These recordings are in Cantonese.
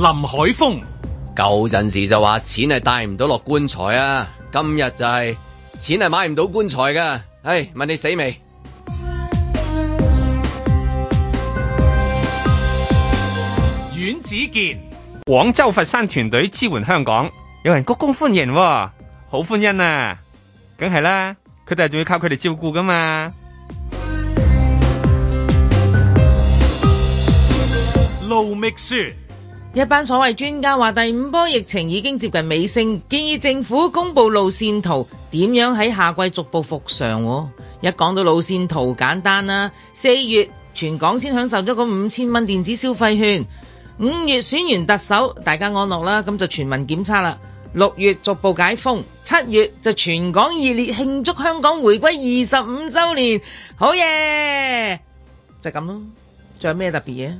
林海峰，舊陣時就話錢係帶唔到落棺材啊，今日就係錢係買唔到棺材噶，哎，問你死未？阮子健，廣州佛山團隊支，支援香港，有人鞠躬歡迎喎，好歡欣啊，梗係啦，佢哋仲要靠佢哋照顧噶嘛。盧覓雪。一班所謂專家話第五波疫情已經接近尾聲，建議政府公布路線圖，點樣喺夏季逐步復常？一講到路線圖，簡單啦，四月全港先享受咗嗰五千蚊電子消費券，五月選完特首，大家安樂啦，咁就全民檢測啦，六月逐步解封，七月就全港熱烈慶祝香港回歸二十五周年，好耶， 就咁咯，仲有咩特別嘢？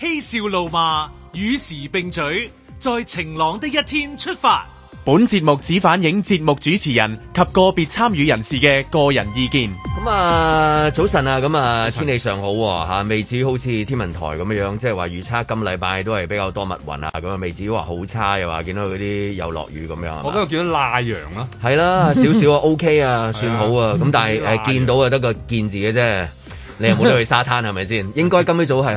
嬉笑怒罵。 與時並舉，在晴朗的一天出發。本節目只反映節目主持人及個別參與人士嘅個人意見。咁啊，早晨啊，咁啊，天氣尚好吓，啊啊，未至於好似天文台咁樣即係話預測今禮拜都係比較多密雲啊，咁啊，未至於話好差又，啊、話見到嗰啲又落雨咁樣。我都有見到曬陽啦，係啦，啊，少少啊 ，OK 啊，算好啊，咁，啊、但係誒，見到啊，得個見字嘅啫。你又冇得去沙灘係咪先？應該今朝早係開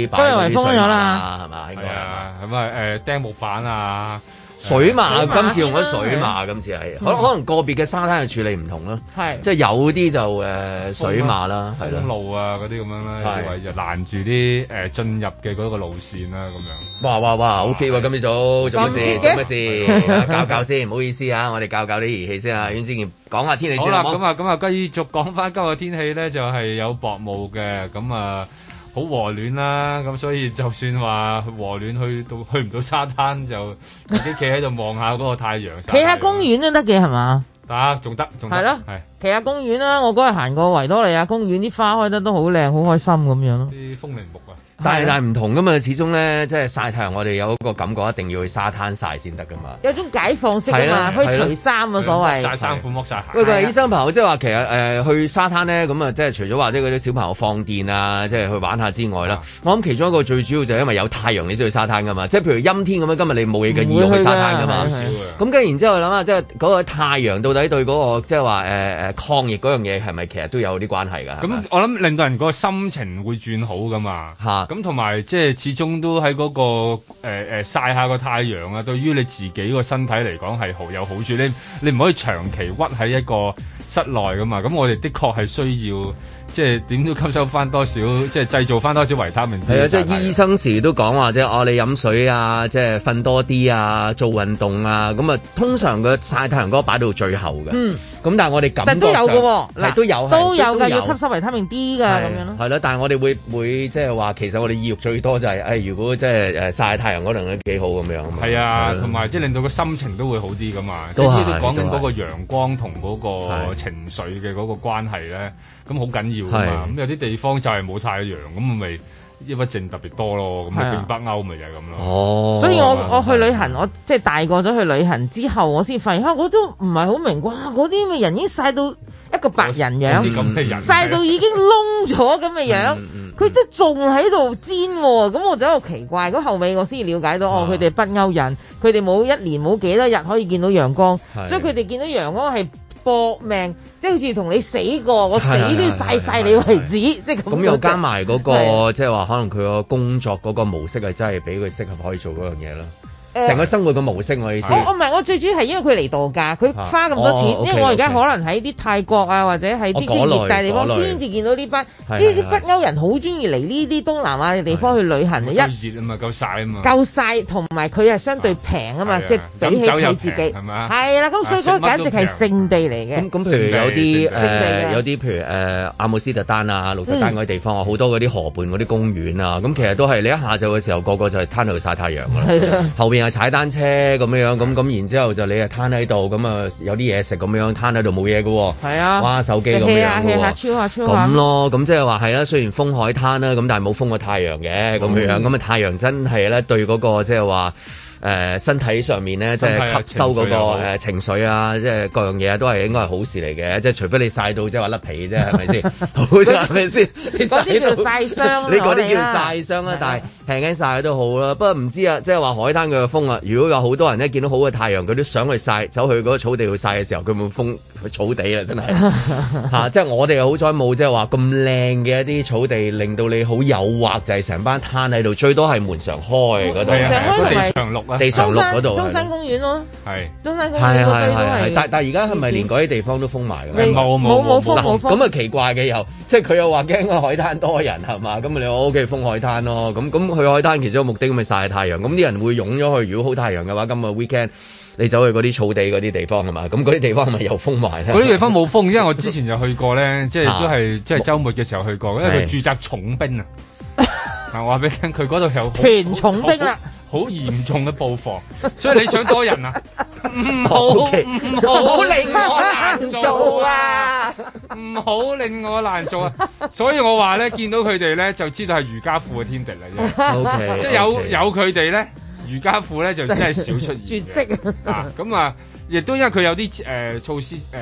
始擺咗啲水應啊，係、呃、嘛？係啊，咁啊，誒，釘木板啊。水馬今次用咗水馬，今次係可能可能個別嘅沙灘就處理唔同啦，即係有啲就誒水馬啦，係咯，封路啊嗰啲咁樣啦，就係就攔住啲誒進入嘅嗰個路線啦咁樣。哇哇哇，OK 喎，今朝早做咩事？做咩事？教教先，唔好意思啊，我哋教教啲儀器先啊，袁志健講下天氣先啦。好啦，咁啊咁啊，繼續講翻今日天氣咧，就係有薄霧嘅咁啊。好和暖啦、啊，咁所以就算話和暖去到去唔到沙灘，就自己企喺度望下嗰個太陽。企 下公園都得嘅係嘛？得仲得仲係咯，係企下公園啦。我嗰日行過維多利亞公園，啲花開得都好靚，好開心咁樣咯。啲風鈴木、啊。但係但係唔同噶嘛，始終咧即係曬太陽，我哋有個感覺一定要去沙灘曬先得噶嘛。有種解放式噶嘛，可以除衫啊，所謂。曬衫褲，襪、曬鞋。喂喂，是的是的是的是的醫生朋友，即係話其實誒、呃、去沙灘咧咁啊，即、嗯、係除咗話即係嗰啲小朋友放電啊，即係去玩下之外啦，我諗其中一個最主要就係因為有太陽，你先去沙灘噶嘛。即係譬如陰天咁樣，今日你冇嘢嘅意去沙灘噶嘛，咁跟然之後諗下，即係嗰個太陽到底對嗰個即係話誒誒抗疫嗰樣嘢係咪其實都有啲關係㗎？咁我諗令到人個心情會轉好㗎嘛。嚇！咁同埋即係始終都喺嗰個、呃、呃、曬下個太陽啊，對於你自己個身體嚟講係好有好處。你你唔可以長期屈喺一個室內㗎嘛。咁我哋的確係需要。即係點都吸收翻多少，即係製造翻多少維他命。係、嗯、啊，即係醫生時都講話，即係哦，你飲水啊，即係瞓多啲啊，做運動啊，咁啊，通常嗰個晒太陽都擺到最後嘅。嗯。咁但係我哋感覺上但都有嘅，但都有、喔嗯、都有嘅，要吸收維他命 D 嘅咁樣咯、啊。係咯，但係我哋會會即係話，其實我哋意欲最多就係、是，誒、哎，如果即係誒晒太陽可能都幾好咁樣。係啊，同埋即係令到個心情都會好啲噶嘛。都係。講緊嗰個陽光同嗰個情緒嘅嗰個關係咧。咁好緊要啊嘛！咁有啲地方就係冇太陽，咁咪抑鬱症特別多咯。咁去變北歐咪就係咁咯。哦、啊，所以我我去旅行，我即係大過咗去旅行之後，我先發現，我都唔係好明哇！嗰啲咪人已經晒到一個白人樣，晒到已經窿咗咁嘅樣，佢、 嗯嗯嗯、都仲喺度煎喎、啊。咁我就一個奇怪。咁後尾我先了解到，哦、啊，佢哋北歐人，佢哋冇一年冇幾多日可以見到陽光，所以佢哋見到陽光係，搏命，即係好似同你死過，我死都要曬曬你為止，即係咁。咁又加埋嗰個，即係話可能佢個工作嗰個模式係真係俾佢適合可以做嗰樣嘢咯。成個生活嘅模式、呃，我意思。我唔係，我最主要係因為佢嚟度假，佢花咁多錢。哦、okay，因為我而家可能喺啲泰國啊，或者係啲啲熱帶地方先至見到呢班呢啲北歐人好中意嚟呢啲東南亞嘅地方去旅行。一夠熱啊嘛，夠晒啊嘛。夠晒，同埋佢係相對平啊嘛，即、啊、係、就是、比起你自己係嘛？係啦，咁所以個簡直係聖地嚟嘅。咁、啊啊、譬如有啲誒、呃呃，有啲譬如誒、呃、阿姆斯特丹啊、鹿特丹嗰啲地方啊，好、嗯、多嗰啲河畔嗰啲公園啊，咁、嗯嗯、其實都係你一下晝嘅時候，個個，個就係攤喺度曬太陽啦。後邊。啊！踩單車咁樣樣，咁咁然之後就你啊攤喺度，咁啊有啲嘢食咁樣樣，攤喺度冇嘢嘅喎。係啊，玩手機咁、啊、樣咁咯，咁即係話係啦。雖然封海灘啦，咁但係冇封過太陽嘅咁樣樣，咁、嗯、啊太陽真係咧對嗰、那個即係話誒、呃、身體上面咧，即係吸收嗰個情緒啊，即係、那個呃啊、各樣嘢都係應該係好事嚟嘅。即係除非你曬到即係話甩皮啫，係咪先？好曬係咪先？嗰啲叫曬傷、啊，你嗰啲叫曬傷啦、啊啊。但係輕輕曬都好啦、啊。不過唔知啊，即係話海灘佢嘅風啊，如果有好多人一見到好嘅太陽，佢都想去曬，走去嗰個草地去曬嘅時候，佢冇風去草地啦，真係即係我哋好彩冇，即係話咁靚嘅一啲草地，令到你好誘惑，就係、是、成班攤喺度，最多係門常開嗰啲，地常綠地上路嗰度，中山公園咯，係中山公園、那個、但但而家係咪連嗰啲地方都封埋嘅咩？冇冇冇封，咁啊奇怪嘅又，即係佢又話驚個海灘多人係嘛，咁你我屋企封海灘咯，咁咁去海灘其實個目的咁咪曬太陽，咁啲人會湧咗去，如果好太陽嘅話，咁啊 weekend 你走去嗰啲草地嗰啲地方係嘛，咁嗰啲地方咪又封埋？嗰啲地方冇封， 因為我之前就去過咧，即係都係、啊、即係周末嘅時候去過，因為佢駐紮重兵啊，我話俾你聽，佢嗰度有團重兵啊。好嚴重嘅布防，所以你想多人啊？唔 好唔、okay. 好令我難做啊！唔 好令我難做啊！所以我話咧，見到佢哋咧，就知道係儒家富嘅天地嚟、okay, okay. 即係有有佢哋咧，儒家富咧就真係少出現。 絕跡 啊！咁啊～亦都因為佢有啲誒、呃、措施誒、呃、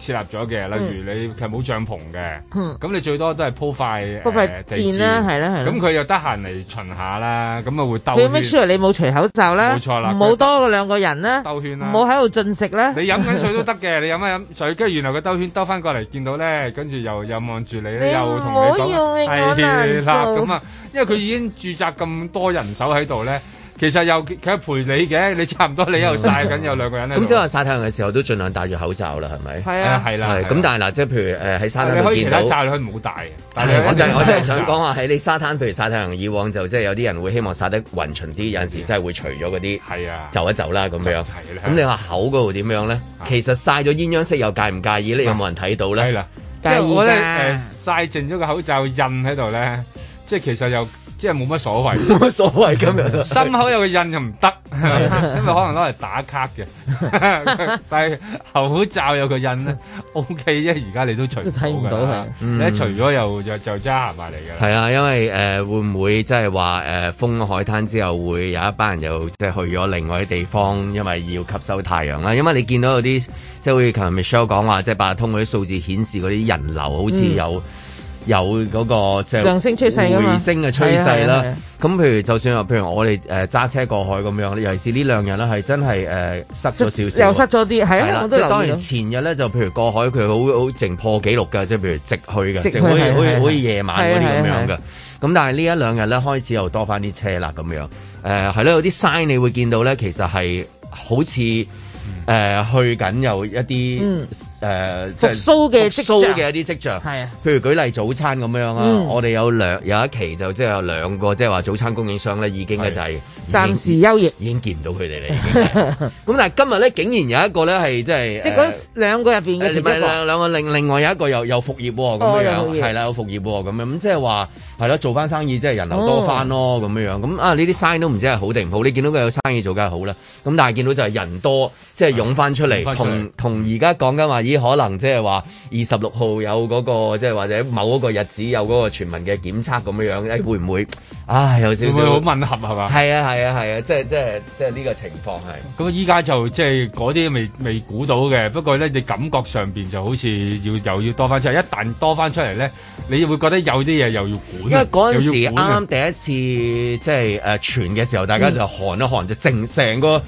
設立咗嘅，例如你其實冇帳篷嘅，咁、嗯、你最多都係鋪塊鋪塊墊啦，係、呃、啦，咁佢又得閒嚟巡下啦，咁啊會兜。佢咩出嚟？你冇除口罩啦，冇錯啦，冇多過兩個人咧，兜圈啦，冇喺度進食啦，你飲緊水都得嘅，你飲咩飲水？跟住原來佢兜圈兜翻過嚟， 見到咧，跟住又又望住你，你又同你兜。係啦、哎，咁啊，因為佢已經駐紮咁多人， 人手喺度咧。其實有佢陪你嘅，你差唔多你又晒緊有兩個人、 嗯。咁即係話曬太陽嘅時候都盡量戴住口罩啦，係咪？係啊，係啦、啊。咁、啊啊啊、但係嗱，即係、啊、譬如誒喺、呃、沙灘見到，你可以睇曬，你可以唔好戴。但真係、 啊、我真係想講話喺你沙灘，譬如曬太陽，以往就即係有啲人會希望晒得均勻啲， 有陣時真係會除咗嗰啲，走一走啦咁樣。咁、啊、你話口嗰度點樣咧、啊？其實晒咗鴛鴦色又介唔介意咧？啊、有冇人睇到咧？係啦、啊啊。但係如果咧誒曬淨咗個口罩印喺度咧，即係其實又。即係冇乜所謂，冇乜所謂咁又得。心口有個印就唔得， 因為可能攞嚟打卡嘅。 但係後口罩有個印咧，O K，因為而家你都除咗，睇唔到啦。你除咗又、嗯、就揸埋嚟嘅。係啊，因為誒、呃、會唔會即係話誒封海灘之後會有一班人又即係去咗另外啲地方，因為要吸收太陽啦。因為你見到有啲即係好似琴日 Michelle 講話，即係八達通嗰啲數字顯示嗰啲人流好似有、嗯。有嗰個即係回升嘅趨勢啦。咁譬如就算話，譬如我哋誒揸車過海咁樣，尤其是兩呢兩日咧，係真係誒塞咗少少，又塞咗啲係啊！我都留意到。當然前日咧就譬如過海，佢好好靜破紀錄㗎，即係譬如直去嘅，直去，直去好似好似夜晚嗰啲咁樣嘅。咁但係呢一兩日咧開始又多翻啲車啦咁樣。誒係咯，有啲 sign 你會見到咧，其實係好似誒、呃、去緊有一啲。嗯誒、呃，復蘇嘅跡象嘅一啲跡象，係啊，譬如舉例早餐咁樣啦、啊嗯，我哋有兩有一期就即係有兩個即係話早餐供應商咧，已經咧就係暫時休業，已經見唔到佢哋嚟。咁 但係今日咧，竟然有一個咧係即係、 呃、即係兩個入邊嘅兩個另、啊、另外有一個又又復業咁、哦哦、樣，係啦，有復業咁、哦、樣，咁即係話係咯，做翻生意即係人流多翻咯，咁、哦、樣樣咁啊呢啲生意都唔知係好定唔好，你見到佢有生意做梗係好啦，咁但係見到就係人多。即係湧翻出嚟、嗯，同同而家講緊話，咦？可能即係話二十六號有嗰、那個，即係或者某一個日子有嗰個全民嘅檢測咁樣樣咧，會唔會？唉，有少少好吻合係嘛？係啊，係啊，係啊，即係即係即係呢個情況係。咁依家就即係嗰啲未未估到嘅，不過咧，你感覺上面就好似要又要多翻出嚟，一旦多翻出嚟咧，你會覺得有啲嘢又要估。因為嗰陣時啱啱第一次即係誒傳嘅時候，大家就寒一寒、嗯、就成成個。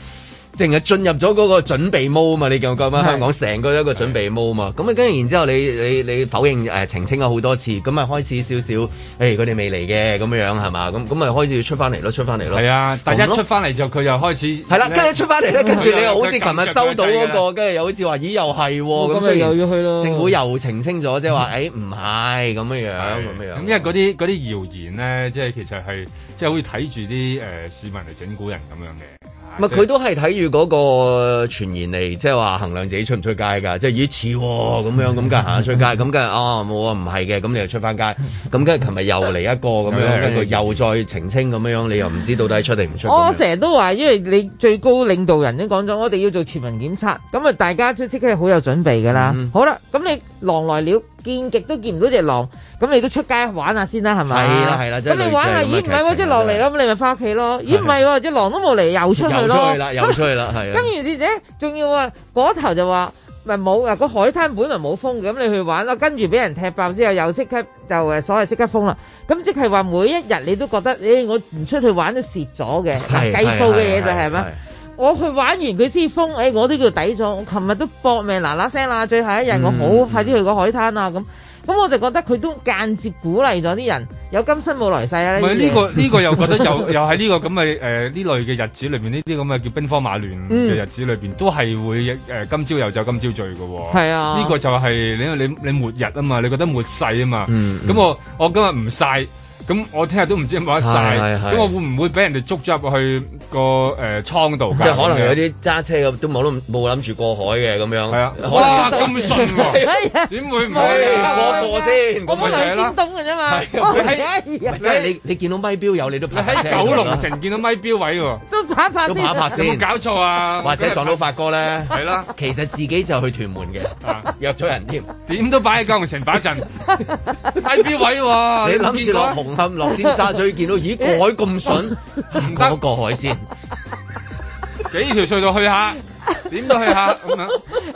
淨係進入咗嗰個準備冇啊嘛，你覺唔覺香港成個都一個準備冇啊嘛，咁啊跟住然之後你，你你你否認誒、呃、澄清咗好多次，咁啊開始少少，誒佢哋未嚟嘅咁樣樣係嘛？咁咁咪開始出翻嚟咯，出翻嚟咯。係啊，但一出翻嚟就佢又開始係啦，跟住 出翻嚟咧，跟、嗯、住你又好似琴日收到嗰、那個，跟住又好似話咦又係喎、哦，咁、哦、所又要去咯。政府又澄清咗，即係話誒唔係咁樣樣咁樣咁因為嗰啲啲謠言咧，即係其實係即係好似睇住啲誒市民嚟整蠱人咁樣嘅。唔係佢都係睇住嗰個傳言嚟，即係話衡量自己出唔出街㗎。即係咦似喎咁樣咁嘅行出街咁梗係啊冇啊唔係嘅，咁你又出翻街咁跟住，琴日又嚟一個咁樣，跟住又再澄清咁樣你又唔知到底出定唔出？ 我成日都話，因為你最高領導人已經講咗，我哋要做全民檢測，咁啊大家都即刻好有準備㗎啦。好啦，咁你狼來了。嗯見極都見唔到隻狼，咁你都出街玩下先啦，係咪係啦係啦，咁你玩下，咦唔係喎隻狼嚟咯，咁你咪返屋企咯？咦唔係喎隻狼都冇嚟，又出去咯。又出去啦，又出去啦，係。跟住而且仲要啊，嗰頭就話咪冇啊，個海灘本來冇封嘅，咁你去玩啦，跟住俾人踢爆之後，又即刻就誒所謂即刻封啦。咁即係話每一日你都覺得誒、哎，我唔出去玩都蝕咗嘅，計數嘅嘢就係、是、咩？我去玩完佢先封，誒、哎，我都叫抵咗。我琴日都搏命嗱嗱聲啦，最後一日我好快啲去個海灘啊咁，咁、嗯嗯、我就覺得佢都間接鼓勵咗啲人有今生冇來世啊！呢、這個呢、這個又覺得又 又喺呢、這個咁嘅呢類嘅日子裏面，呢啲咁嘅叫兵荒馬亂嘅日子裏面，都係會誒、呃、今朝有就今朝醉㗎喎。係、嗯、啊，呢、這個就係你你你末日啊嘛，你覺得末世啊嘛。咁、嗯嗯、我我今日唔曬。咁、嗯、我聽日都唔知有冇得晒，咁我會唔會俾人哋捉咗入去個誒倉度？即係可能有啲揸車嘅都冇諗冇諗住過海嘅咁樣。係啊，可能咁順喎、啊！點 會唔會、啊啊啊啊、過過先？我冇諗去尖東嘅啫嘛。係啊，即係你你見到咪標有你都爬喺九龍城見到咪標位喎，都拍一拍先。都拍一拍先，冇搞錯啊！或者撞到發哥咧？係啦。其實自己就去屯門嘅，入咗人添。點都擺喺九龍城擺陣，咪標位喎。你諗住落紅？嗯、落尖沙咀見到，咦？過海咁筍，嗰 過海先 幾條隧道去下，點都去下咁樣。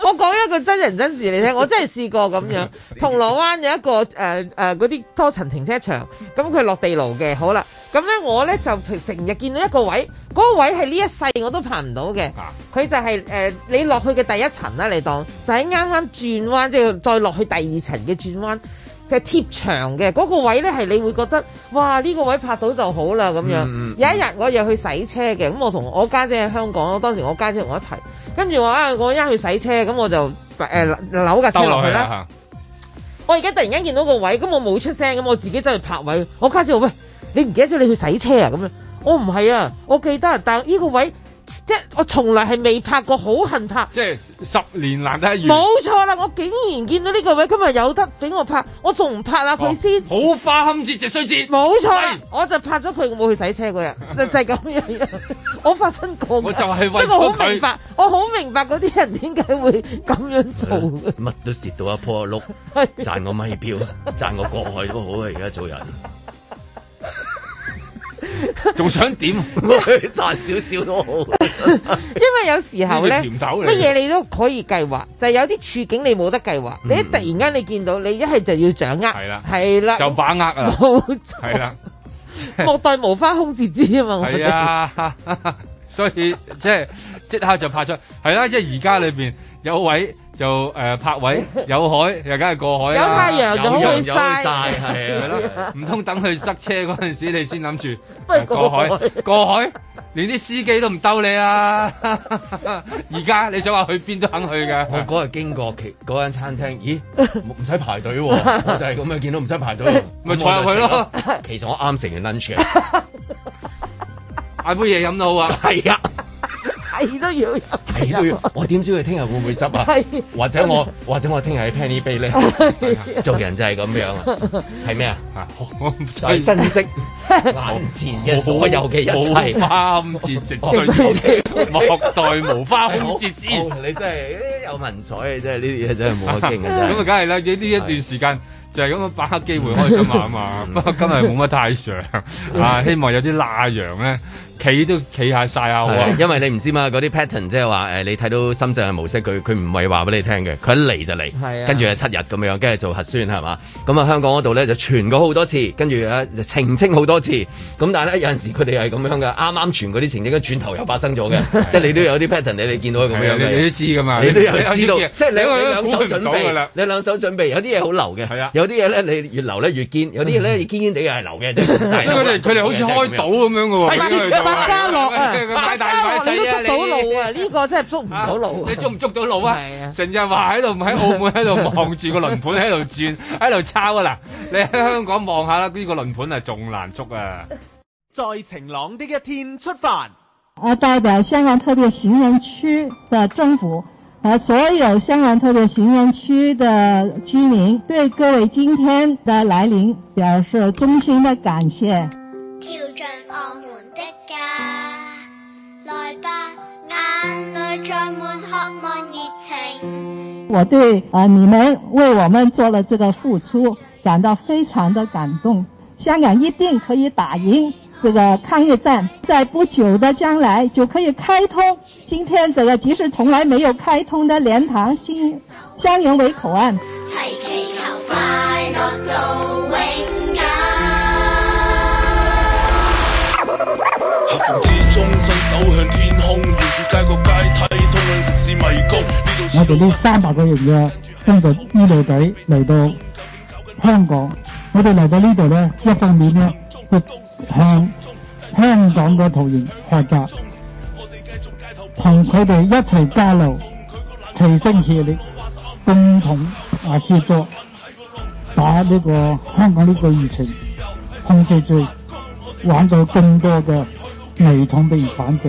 我講一個真人真事嚟聽，我真係試過咁樣。 銅鑼灣有一個誒誒嗰啲多層停車場，咁、嗯、佢落地牢嘅。好啦，咁、嗯、咧我咧就成日見到一個位，嗰、那個位係呢一世我都泊唔到嘅。佢 就係、是、誒、呃、你落去嘅第一層啦，你當就喺啱啱轉彎即係、就是、再落去第二層嘅轉彎。嘅貼牆嘅嗰、那個位咧，係你會覺得哇呢、這個位拍到就好啦咁樣、嗯嗯。有一日我又去洗車嘅，咁我同我家姐喺香港，當時我家姐同我一齊，跟住我啊，我一去洗車咁我就、呃、扭架車落去啦。我而家突然間見到個位，咁我冇出聲，咁我自己走去拍位。我家姐話：喂，你唔記得咗你去洗車啊？咁樣，我唔係啊，我記得，但呢個位。我從來係未拍過，好恨拍。即係十年難得一遇。冇錯啦，我竟然見到呢個位今日有得俾我拍，我仲唔拍啊佢、哦、先？好花堪折即衰折。冇錯啦，我就拍咗佢，冇去洗車嗰日，就係、是、咁樣。 我發生過，我就係為咗佢即係我好明白，我好明白嗰啲人點解會咁樣做。乜都蝕到一仆一碌，賺我米票，賺我國外都好啊！而家做人。仲想點賺少少都好， 因為有時候咧，乜嘢你都可以計劃，就係、是、有啲處境你冇得計劃、嗯。你一突然間你見到，你一係就要掌握，係啦，係啦，就把握啊，係啦，莫待無花空自知啊嘛，係啊， 所以、就是、即係即刻就拍出，係啦，即係而家裏邊有位。就誒、呃、拍位 有海，又梗係過海、啊、有太陽又咁去晒。係咪咯？唔通、啊啊啊、等佢塞車嗰陣時， 你先諗住不如過海？過海？ 過海連啲司機都唔兜你啊！而 家你想話去邊都肯去㗎、啊。我嗰日經過其嗰間餐廳，咦？唔使排隊喎，就係咁啊！ 樣見到唔使排隊，咪坐入去咯。 其實我啱食完 lunch，買 杯嘢飲到啊。係啊。係、哎、都要，係、哎、都要。我點知佢聽日會唔會執啊？或者我，或者我聽日 Penny Bay 咧、哎。做人就係咁樣啊！係咩啊？我唔珍惜眼前嘅所有嘅人。切。花堪折直追，莫待無花堪折枝。你真係有文采啊！真係呢啲嘢真係冇得傾嘅。咁啊，梗係啦。呢一段時間是就係咁樣把握機會開心下啊嘛。 今日冇乜太陽啊，希望有啲曬陽咧。企都企下晒啊！因為你唔知嘛，嗰啲 pattern 即係話誒，你睇到深圳嘅模式，佢佢唔係話俾你聽嘅，佢一嚟就嚟，跟住係七日咁樣，跟住做核酸係嘛？咁啊香港嗰度咧就傳過好多次，跟住澄清好多次。咁但係呢，有陣時佢哋係咁樣嘅，啱啱傳嗰啲澄清都轉頭又發生咗嘅，即係你都有啲 pattern 你你見到咁樣嘅。你都知㗎嘛？你都有知道，知道即係你，你，你兩手準備，你兩手準備有啲嘢好流嘅，有啲嘢你越流越堅，有啲嘢咧堅堅地係流嘅，佢 哋好似開賭咁樣喎。 啊、家樂啊， 麥大麥麥啊家樂、啊啊，你都捉到路啊？呢、呢個真係捉唔到路，你捉唔捉到路啊？成日話喺度唔喺澳門喺度望住個輪盤喺度轉，喺度抄啊。嗱！你喺香港望下啦，呢、呢個輪盤啊，仲難捉啊！再晴朗啲嘅天出發，我代表香港特別行政區嘅政府和所有香港特別行政區嘅居民，對各位今天的來臨表示衷心的感謝。挑戰澳在情我對啊、呃，你們為我們做了這個付出，感到非常的感動。香港一定可以打贏這個抗疫戰，在不久的將來就可以開通今天這個即使從來沒有開通的蓮塘新香園圍口岸。嗯、我哋呢三百個人嘅中國醫療隊嚟到香港，我哋嚟到呢度呢，一方面呢，向香港嘅同仁學習，同佢哋一齊交流，齊心協力，共同啊協作，把呢個香港呢個疫情控制住，挽救更多嘅危重病患者。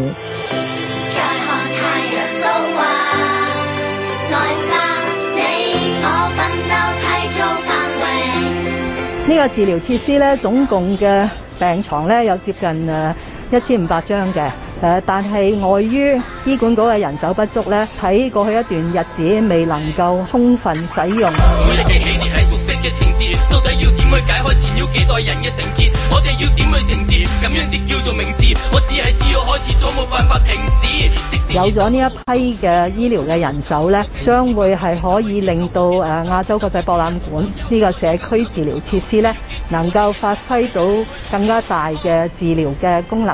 呢、這個治療設施呢，總共嘅病床呢，有接近誒一千五百張嘅。但係礙於醫管局嘅人手不足呢，喺過去一段日子未能夠充分使用。即使有咗呢一批嘅醫療嘅人手呢將會係可以令到，呃、亞洲國際博覽館呢、呢個社區治療設施呢能夠發揮到更加大嘅治療嘅功能。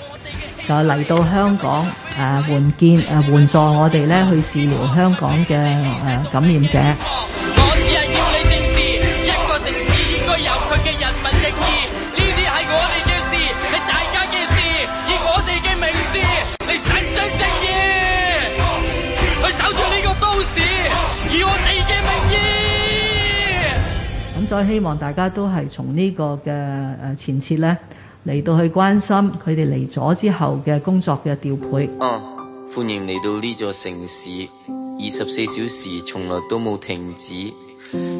就嚟到香港，誒、啊、援建誒、啊、援助我哋咧，去治療香港嘅誒、啊、感染者。我只係要你正視，一個城市應該由佢嘅人民定義，呢啲係我哋嘅事，係大家嘅事，以我哋嘅名字嚟伸張正義，去守住呢個都市，以我哋嘅名義。咁所以希望大家都係從個呢個嘅誒前設咧。嚟到去關心佢哋嚟咗之後嘅工作嘅調配啊。啊歡迎嚟到呢座城市，二十四小時從來都冇停止。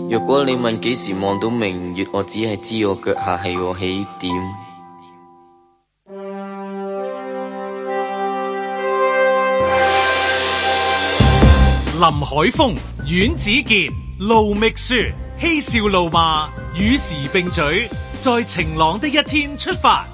若果你問幾時望到明月，我只係知我腳下係我起點。林海峰、阮子杰、盧覓雪嬉笑怒罵，與時並嘴。在晴朗的一天出發。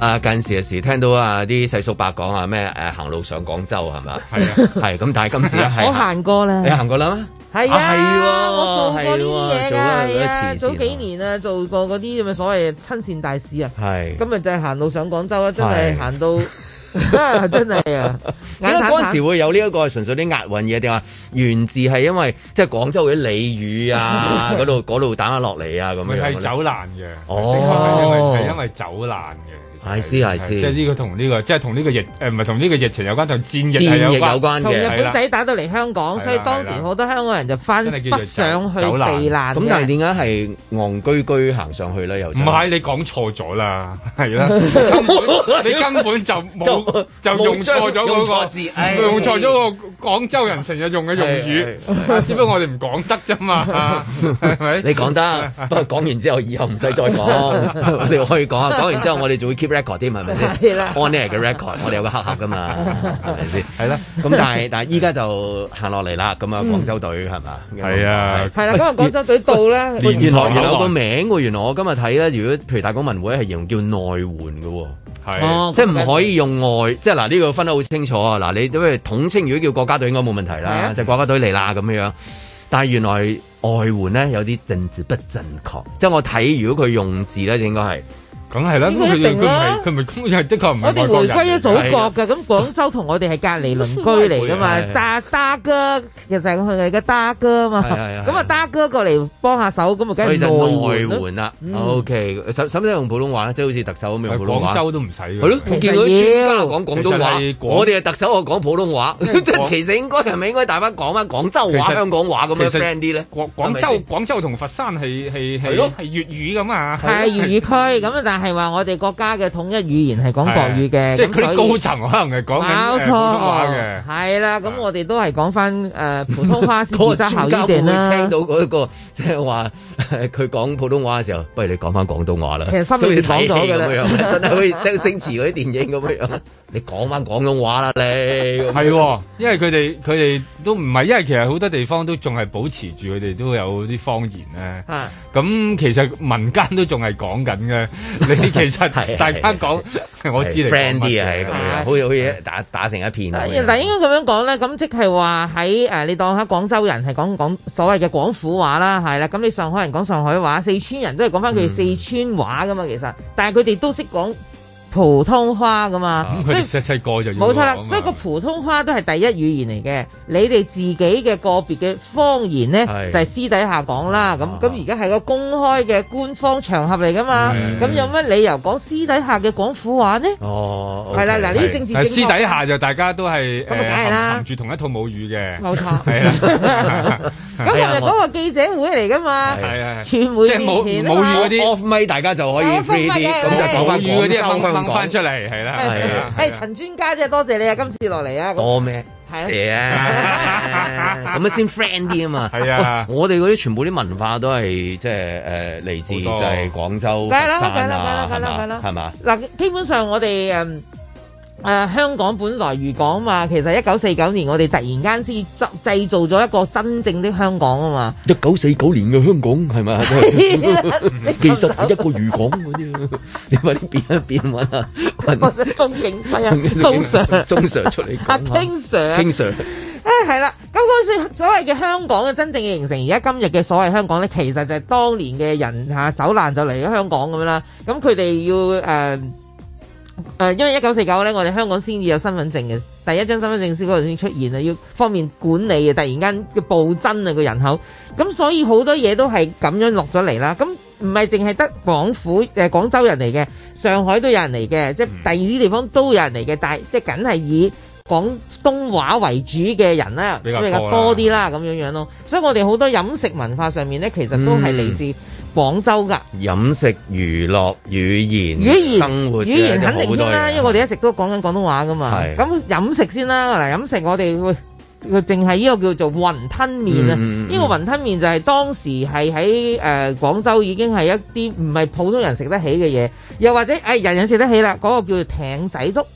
啊，近時時聽到啊啲細叔伯講啊咩誒行路上廣州係嘛？係啊，係 咁。但係今次 係、啊係啊、我行過啦，你行過啦咩？係啊，係、啊、喎、啊啊啊啊啊，做過呢啲嘢㗎。係啊，早幾年啊，做過嗰啲咁嘅所謂嘅親善大使啊。係、啊。今日就係行路上廣州啦，真係行到。 啊、真係眼彈彈！因為嗰陣時會有呢一個純粹啲押韻嘢？定話源自係因為即係廣州嗰啲俚語啊，嗰度嗰度打下落嚟啊，咁 樣係走難嘅。哦，係因，因為走難嘅。係師，係師，即係呢個同呢、這個，即係同呢個疫，誒唔係同呢個疫情有關，同戰役有關，同日本仔打到嚟香港，所以當時好多香港人就翻上去避難，咁但係點解係戇居居行上去咧？又唔係你講錯咗啦，係啦， 你根本就冇就用錯咗、嗰個字，用錯咗、哎、個廣州人成日用嘅用語，只不過我哋唔講得啫嘛，你講得， 不過講完之後以後唔使再講， 我哋可以講下，講完之後我哋就會 record 添係咪先？On air 嘅 record， 我哋有個黑盒噶嘛，係咪先？係 啦但是。咁 但係但係依家就行落嚟啦。咁、嗯、啊，廣州隊係嘛？係啊。係啦。今日，廣州隊到咧、啊。原來原來個名喎，原來我今日睇咧，如果譬如大公文會係形容叫內援嘅喎，係、啊。即係唔可以用外，嗯、外即係嗱呢個分得好清楚啊。嗱，你因為統稱如果叫國家隊應該冇問題啦、啊，就係、國家隊嚟啦咁樣。但係原來外援咧有啲政治不正確，即係我睇如果佢用字咧，就應該係。梗係啦，佢、這個、一定啦、啊。佢咪佢咪，的確，唔係，啊、我哋回歸咗祖國嘅，咁廣州同我哋係隔離鄰居嚟㗎嘛。佢咪、啊啊啊啊啊，哥其實係佢哋嘅打哥啊嘛，咁啊佢、啊啊、哥過嚟幫下手，咁啊梗係內援啦、嗯。OK，使唔使用普通話即係、就是、好似特首咁用普通話。廣州都唔使，係咯？唔見佢全家講廣東話。我哋啊特首我講普通話，即係其，其，其，其， 其實應該係咪應該大翻講翻廣州話、香港話咁樣 friend 啲咧？廣州廣州同佛山係係係係粵語㗎嘛？係粵語區咁啊，但係話我哋國家嘅統一語言係講國語嘅，即係佢高層可能係講緊普通話嘅。係啦，咁我哋都係講翻誒普通話先，更加不會聽到嗰、嗰個即係話佢講普通話嘅時候，不如你講翻廣東話啦。其實心裏講咗真係好似周星馳嗰啲電影咁樣。 你講翻廣東話啦，你係 因為佢哋佢哋都唔係，因為其實好多地方都仲係保持住佢哋都有啲方言咧。咁其實民間都仲係講緊嘅。 其實大家講， 我知你 friend 啲啊，係咁樣，好嘢好嘢，打打成一片。嗱， 但應該咁樣講咧，咁即係話喺誒，你當下廣州人係講廣所謂嘅廣府話啦，係啦，咁你上海人講上海話，四川人都係講翻佢四川話噶嘛，其實，但係佢哋都識講。普通話噶嘛，即係細細個就冇錯啦。所以，小小所以個普通話都係第一語言嚟嘅。你哋自己嘅個別嘅方言咧，就係、是、私底下講啦。咁咁而家係個公開嘅官方場合嚟噶嘛？咁、嗯、有乜理由講私底下嘅廣府話呢？哦，係、okay, 啦，嗱，呢啲政治私底下就大家都係咁啊，梗係啦，住、嗯嗯、同一套母語嘅，冇錯，係啦。咁其實嗰個記者會嚟噶嘛，係係，傳媒面前、就是、母 off mic 大家就可以避啲，咁就講翻翻出嚟係啦，係啊！陳專家姐，多謝你啊，今次落嚟啊，多咩？謝啊，咁 樣先 friend 啲啊嘛。係啊、嗯，我哋嗰啲全部啲文化都係即係誒，嚟、呃、自就係廣州、啊、佛山啊，係嘛？係嘛？嗱，基本上我哋誒。Um, 誒、呃、香港本來漁港嘛，其實一九四九年我哋突然間先製造咗一個真正的香港啊嘛！一九四九年嘅香港係咪？是 其實係一個漁港嗰啲， 你話啲變一變問一下，問中景派啊， 中常警、 中常 Sir, 出嚟講啊，經 常 KingSir，經常，誒係啦。咁嗰時所謂嘅香港嘅真正嘅形成，而家今日嘅所謂香港咧，其實就係當年嘅人嚇走難就嚟咗香港咁樣啦。咁佢哋要誒。呃誒、呃，因為一九四九咧，我哋香港先至有身份證嘅，第一張身份證先嗰度先出現，要方便管理嘅。突然間要暴增啊，個人口，咁所以好多嘢都係咁樣落咗嚟啦。咁唔係淨係得廣府誒廣、呃、州人嚟嘅，上海都有人嚟嘅，即係第二啲地方都有人嚟嘅，但係即係梗係以廣東話為主嘅人咧，比較多啲啦，咁樣樣咯。所以我哋好多飲食文化上面咧，其實都係嚟自、嗯。廣州噶飲食、娛樂、語言、語言生活、語言肯定啦，因為我哋一直都講緊廣東話噶嘛。咁飲食先啦，嗱飲食我哋會佢淨係呢個叫做雲吞麵啊！依、嗯這個雲吞麵就係當時係喺誒廣州已經係一啲唔係普通人食得起嘅嘢，又或者誒、哎、人人食得起啦。嗰、那個叫做艇仔粥，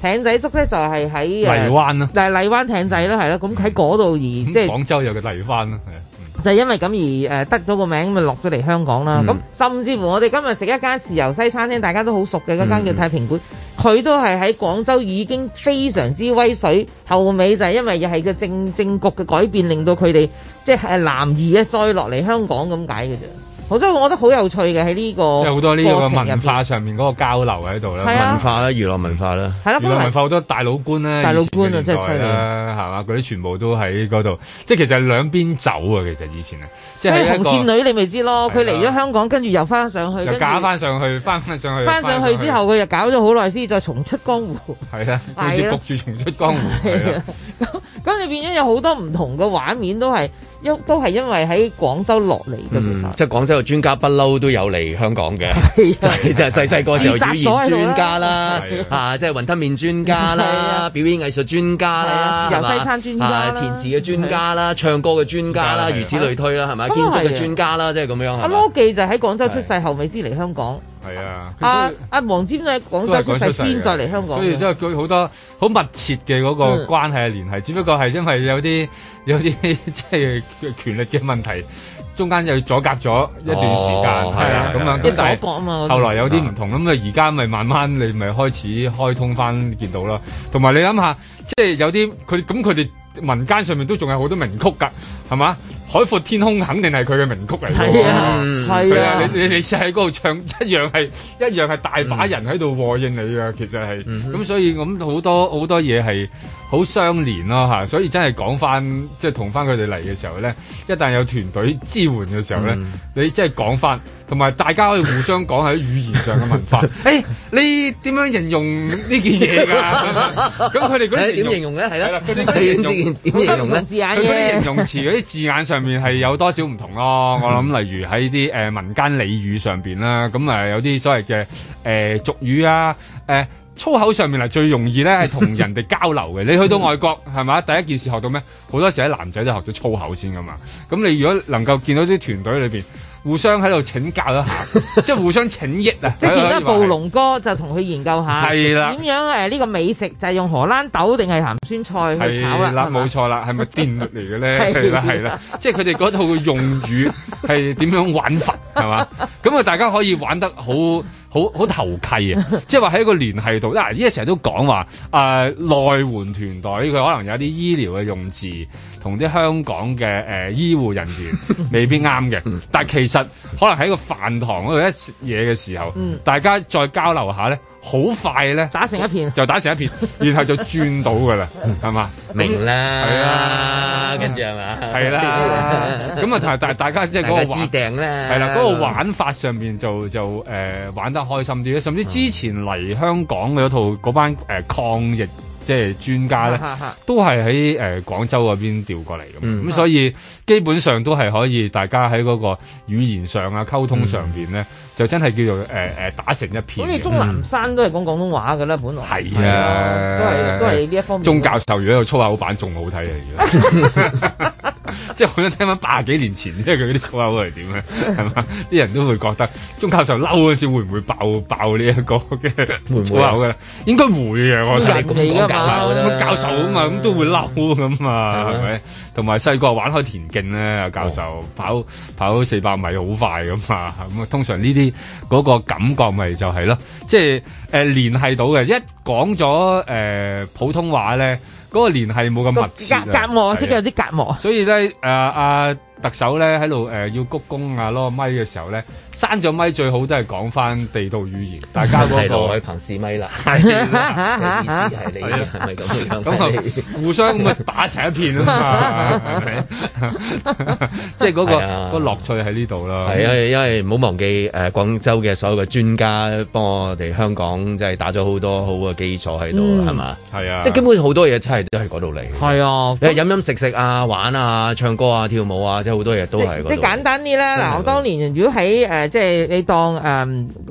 艇仔粥咧就係喺荔灣啦、啊，就係荔灣艇仔啦，係啦。咁喺嗰度而即係、嗯就是、廣州有個荔灣啦、啊，係。就是、、因為咁而，誒得咗個名，咪落咗嚟香港啦。咁、嗯、甚至乎我哋今日食一間豉油西餐廳，大家都好熟嘅嗰間叫太平館，佢、嗯、都係喺廣州已經非常之威水。後尾就係因為又係個政政局嘅改變，令到佢哋即係誒南移啊，再落嚟香港咁解嘅啫。我所以我覺得好有趣嘅喺呢個，即係好多呢個文化上面嗰個交流喺度啦，文化啦，娛樂文化啦、啊，娛樂文化好、啊、多大佬官咧，大佬官啊，真係犀利啦，係嘛？嗰啲全部都喺嗰度，即係其實兩邊走啊，其實以前啊，所以紅線女你咪知咯，佢嚟咗香港，跟住又翻上去，又搞翻上去，翻翻上去，翻上去，上去，上去之後佢又搞咗好耐先再重出江湖，係啦、啊，好似焗住重出江湖咁，咁你變咗有好多唔同嘅畫面都係。因都係因為喺廣州落嚟嘅，其實即係、嗯就是、廣州嘅專家不嬲都有嚟香港嘅、啊，就係真係細細個時候就專業專家啦，啊，即、就、係、是、雲吞麵專家啦、啊，表演藝術專家啦，啊啊啊、由西餐專家、啊、填詞嘅專家啦、啊、唱歌嘅專家啦、啊啊，如此類推啦，係咪、啊啊？建築嘅專家啦，即係咁樣係。阿羅記就喺、是、廣州出世後尾先嚟香港。係啊，阿阿、啊啊、黃霑喺廣州出世先，再嚟香港，所以即係佢好多好密切嘅嗰個關係聯、啊嗯、繫，只不過係因為有啲有啲即係權力嘅問題，中間又阻隔咗一段時間，係、哦、啊，咁樣都係隔啊嘛。後來有啲唔同咁啊，而家咪慢慢你咪開始開通翻見到啦。同埋你諗下，即、就、係、是、有啲佢咁，佢哋民間上面都仲有好多名曲㗎，係嘛？海闊天空肯定係佢嘅名曲嚟嘅喎，係啊，啊，啊，啊，你你你試喺嗰度唱一樣係一樣係大把人喺度和應你㗎，其實係咁，嗯、所以咁好多好多嘢係。好相連咯，啊、吓，所以真係講翻即係同翻佢哋嚟嘅時候咧，一旦有團隊支援嘅時候咧，嗯，你即係講翻，同埋大家可以互相講下語言上嘅文化。誒， 欸，你點樣，啊、 形容呢件嘢㗎？咁佢哋嗰啲點形容嘅係啦？嗰啲形容點形容字眼嘅形容詞嗰啲字眼上面係有多少唔同咯，啊？ 我諗例如喺啲誒民間俚語上邊啦，啊，咁誒、呃、有啲所謂嘅誒、呃、俗語啊，誒、呃。粗口上面係最容易咧，係同人哋交流嘅。你去到外國，係 咪？第一件事學到咩？好多時喺男仔都學咗粗口先噶嘛。咁你如果能夠見到啲團隊裏邊，互相喺度請教一下， 即係互相請益啊！即係見到暴龍哥就同佢研究下，係啦，點樣誒？呢個美食就係、是、用荷蘭豆定係鹹酸菜去炒啊？啦，冇錯啦，係咪電力嚟嘅咧？係 啦，係啦，啦 即係佢哋嗰套用語係點樣玩法係嘛？咁啊，大家可以玩得好。好好投契、就是，啊！即係話喺一個聯繫度，因為依家成日都講話，誒，內援團隊佢可能有啲醫療嘅用字。同啲香港嘅誒、呃、醫護人員未必啱嘅， 但其實可能喺個飯堂嗰度一嘢嘅時候、嗯，大家再交流下咧，好快咧打成一片，就打成一片， 然後就轉到噶 啦，係嘛？明啦，係啊，跟住係嘛？係、啊、啦，咁啊大大家即係 個玩咧，係啦，嗰、啊那個玩法上面就就誒、呃、玩得開心啲咧，甚至之前嚟香港嘅嗰套嗰 班誒、呃、抗疫。即係專家咧，都係喺誒廣州嗰邊調過嚟咁，咁、嗯、所以基本上都係可以大家喺嗰個語言上啊溝通上邊咧、嗯，就真係叫做誒誒、呃、打成一片。咁你鍾南山都係講廣東話㗎啦、嗯，本來係啊，都係都係呢一方面。鍾教授如果有粗口版仲好睇啊！而家。 即係好想聽翻八十幾年前，即係佢啲口音係點咧，係嘛？啲 人都會覺得鍾教授嬲嗰陣時會唔會爆爆呢、這、一個嘅口音？應該會啊！ 會的我哋你講教授啦，教授啊嘛，咁、啊、都會嬲咁啊，係咪？同埋細個玩開田徑咧，教授跑、哦、跑四百米好快咁啊，咁啊，通常呢啲嗰個感覺咪就係、是、咯，即係誒聯繫到嘅，一講咗誒普通話咧。嗰、那個聯繫冇咁密切啊，隔隔膜即係有啲隔膜，所以咧，誒阿特首咧喺度誒要鞠躬啊攞個麥嘅時候咧。閂咗咪最好都係講翻地道語言，大家嗰海朋氏咪啦，係 啊， 意思係你，係咪咁樣你？咁互相咁打成一片啊即係嗰個、嗰個樂趣喺呢度啦係，因為因為唔好忘記誒，廣州嘅所有嘅專家幫我哋香港即係打咗好多好嘅基礎喺度係係嘛，係、嗯、啊，即係根本好多嘢真係都係嗰度嚟。係啊，誒飲飲食食啊，玩啊，唱歌啊，跳舞啊，即係好多嘢都係。即係簡單啲啦，嗱，我當年如果喺誒。即係你當誒，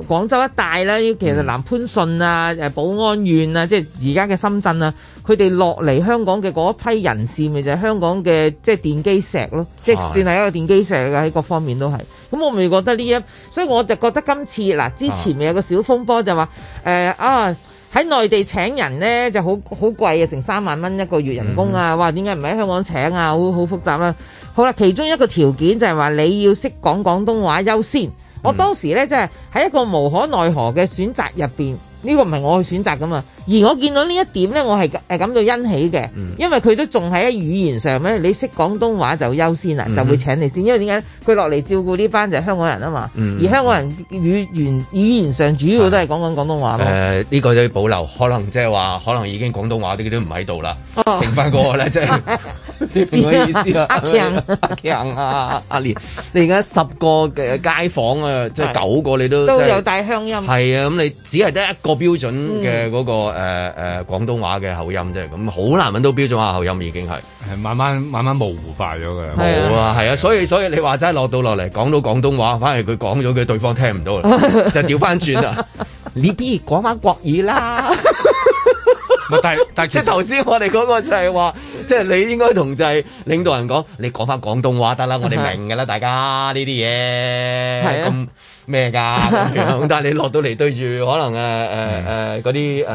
廣、嗯、州一帶咧，其實南番順啊、誒寶安縣啊，即係而家嘅深圳啊，佢哋落嚟香港嘅嗰一批人士，咪就係香港嘅即係電機石咯，是即係算係一個電機石嘅，喺各方面都係。咁我咪覺得呢一，所以我就覺得今次嗱，之前咪有個小風波就話誒、呃、啊，喺內地請人咧，就好好貴啊，成三萬蚊一個月人工啊，哇、嗯！點解唔喺香港請啊？好複雜啦、啊。好啦，其中一個條件就係話你要識講廣東話優先。我當時咧，即係喺一個無可奈何嘅選擇入邊，呢、這個唔係我去選擇㗎嘛。而我見到呢一點咧，我係誒感到欣喜嘅，因為佢都仲喺語語言上咧，你識廣東話就優先啦，就會請你先。因為點解咧？佢落嚟照顧呢班就係香港人啊嘛、嗯。而香港人語言語言上主要都係講緊廣東話嘛。誒，呢、呃這個都要保留，可能即係話，可能已經廣東話啲都唔喺度啦，哦、剩翻個個咧即係。就是 你唔好意思啊，阿強啊，阿、啊、連、啊啊啊啊啊，你而家十個嘅街坊啊， 即係九個你都都有帶鄉音。係啊，咁你只係得一個標準嘅嗰、嗰個誒誒、嗯呃、廣東話嘅口音啫，咁好難揾到標準話口音已經係。係慢慢慢慢模糊化咗嘅。冇啊，係啊、啊、啊、啊，所以、啊、所以所以你話真係落到落嚟講到廣東話，反而佢講咗佢對方聽唔到啦， 就調翻轉啦。 你不如講翻國語啦。 唔 係，但但 即係頭先我哋嗰個就係話，即係你應該同就係領導人講，你講翻廣東話得啦，我哋明㗎啦，大家呢啲嘢。係咩噶咁樣但係你落到嚟對住可能誒誒嗰啲誒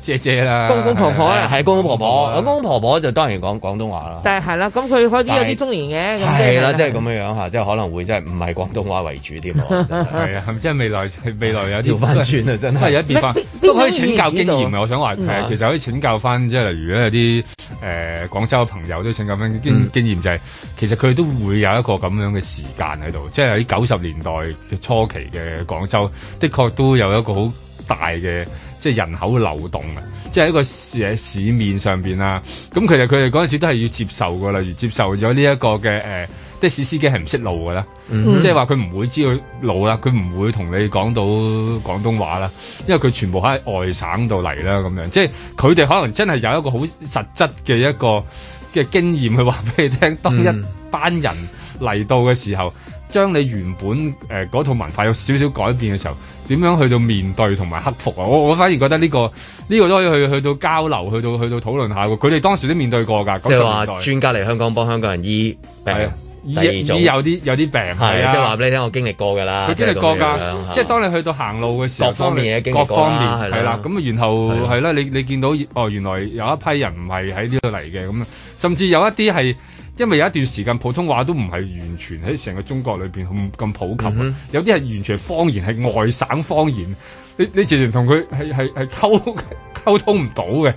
姐姐啦，公公婆婆咧係、啊啊啊啊、公公婆婆，公公婆婆,婆就當然講廣東話啦。但係係啦，咁佢開啲有啲中年嘅。係啦，即係咁樣、就是啊啊就是、樣即係可能會即係唔係廣東話為主添。係啊,啊，即係未來未來有啲調翻轉啊，真係係有變翻。都可以請教經驗我想話其實可以請教翻，即係例如果有啲誒廣州嘅朋友都請咁樣經驗驗、嗯、就係、是，其實佢都會有一個咁樣嘅時間喺度，即係喺九十年代嘅初。初期嘅廣州，的確都有一個好大嘅即係人口流動啊，即係一個市市面上邊啦。咁其實佢哋嗰陣時都係要接受噶啦，例如接受咗呢一個嘅誒的士、呃、司機係唔識路噶啦，即係話佢唔會知道路啦，佢唔會同你講到廣東話啦，因為佢全部喺外省度嚟啦咁樣。即係佢哋可能真係有一個好實質嘅一個嘅經驗去話俾你聽，當一班人嚟到嘅時候。Mm-hmm. 將你原本嗰、呃、套文化有少少改變嘅時候，點樣去到面對同埋克服啊？我我反而覺得呢、這個呢、這個都可以去去到交流，去到去到討論下。佢哋當時都面對過㗎，即係話專家嚟香港幫香港人醫病，醫醫有啲有啲病係啊！即係話俾你聽，我經歷過㗎啦，經歷過㗎、就是啊。即係當你去到行路嘅時候，各方面嘢，各方面係啦。咁然後係啦，你你見到哦，原來有一批人唔係喺呢度嚟嘅，咁甚至有一啲係。因為有一段時間普通話都唔係完全喺成個中國裏邊咁咁普及，嗯，有啲係完全方言，係外省方言，你你直情同佢係係係溝溝通唔到嘅，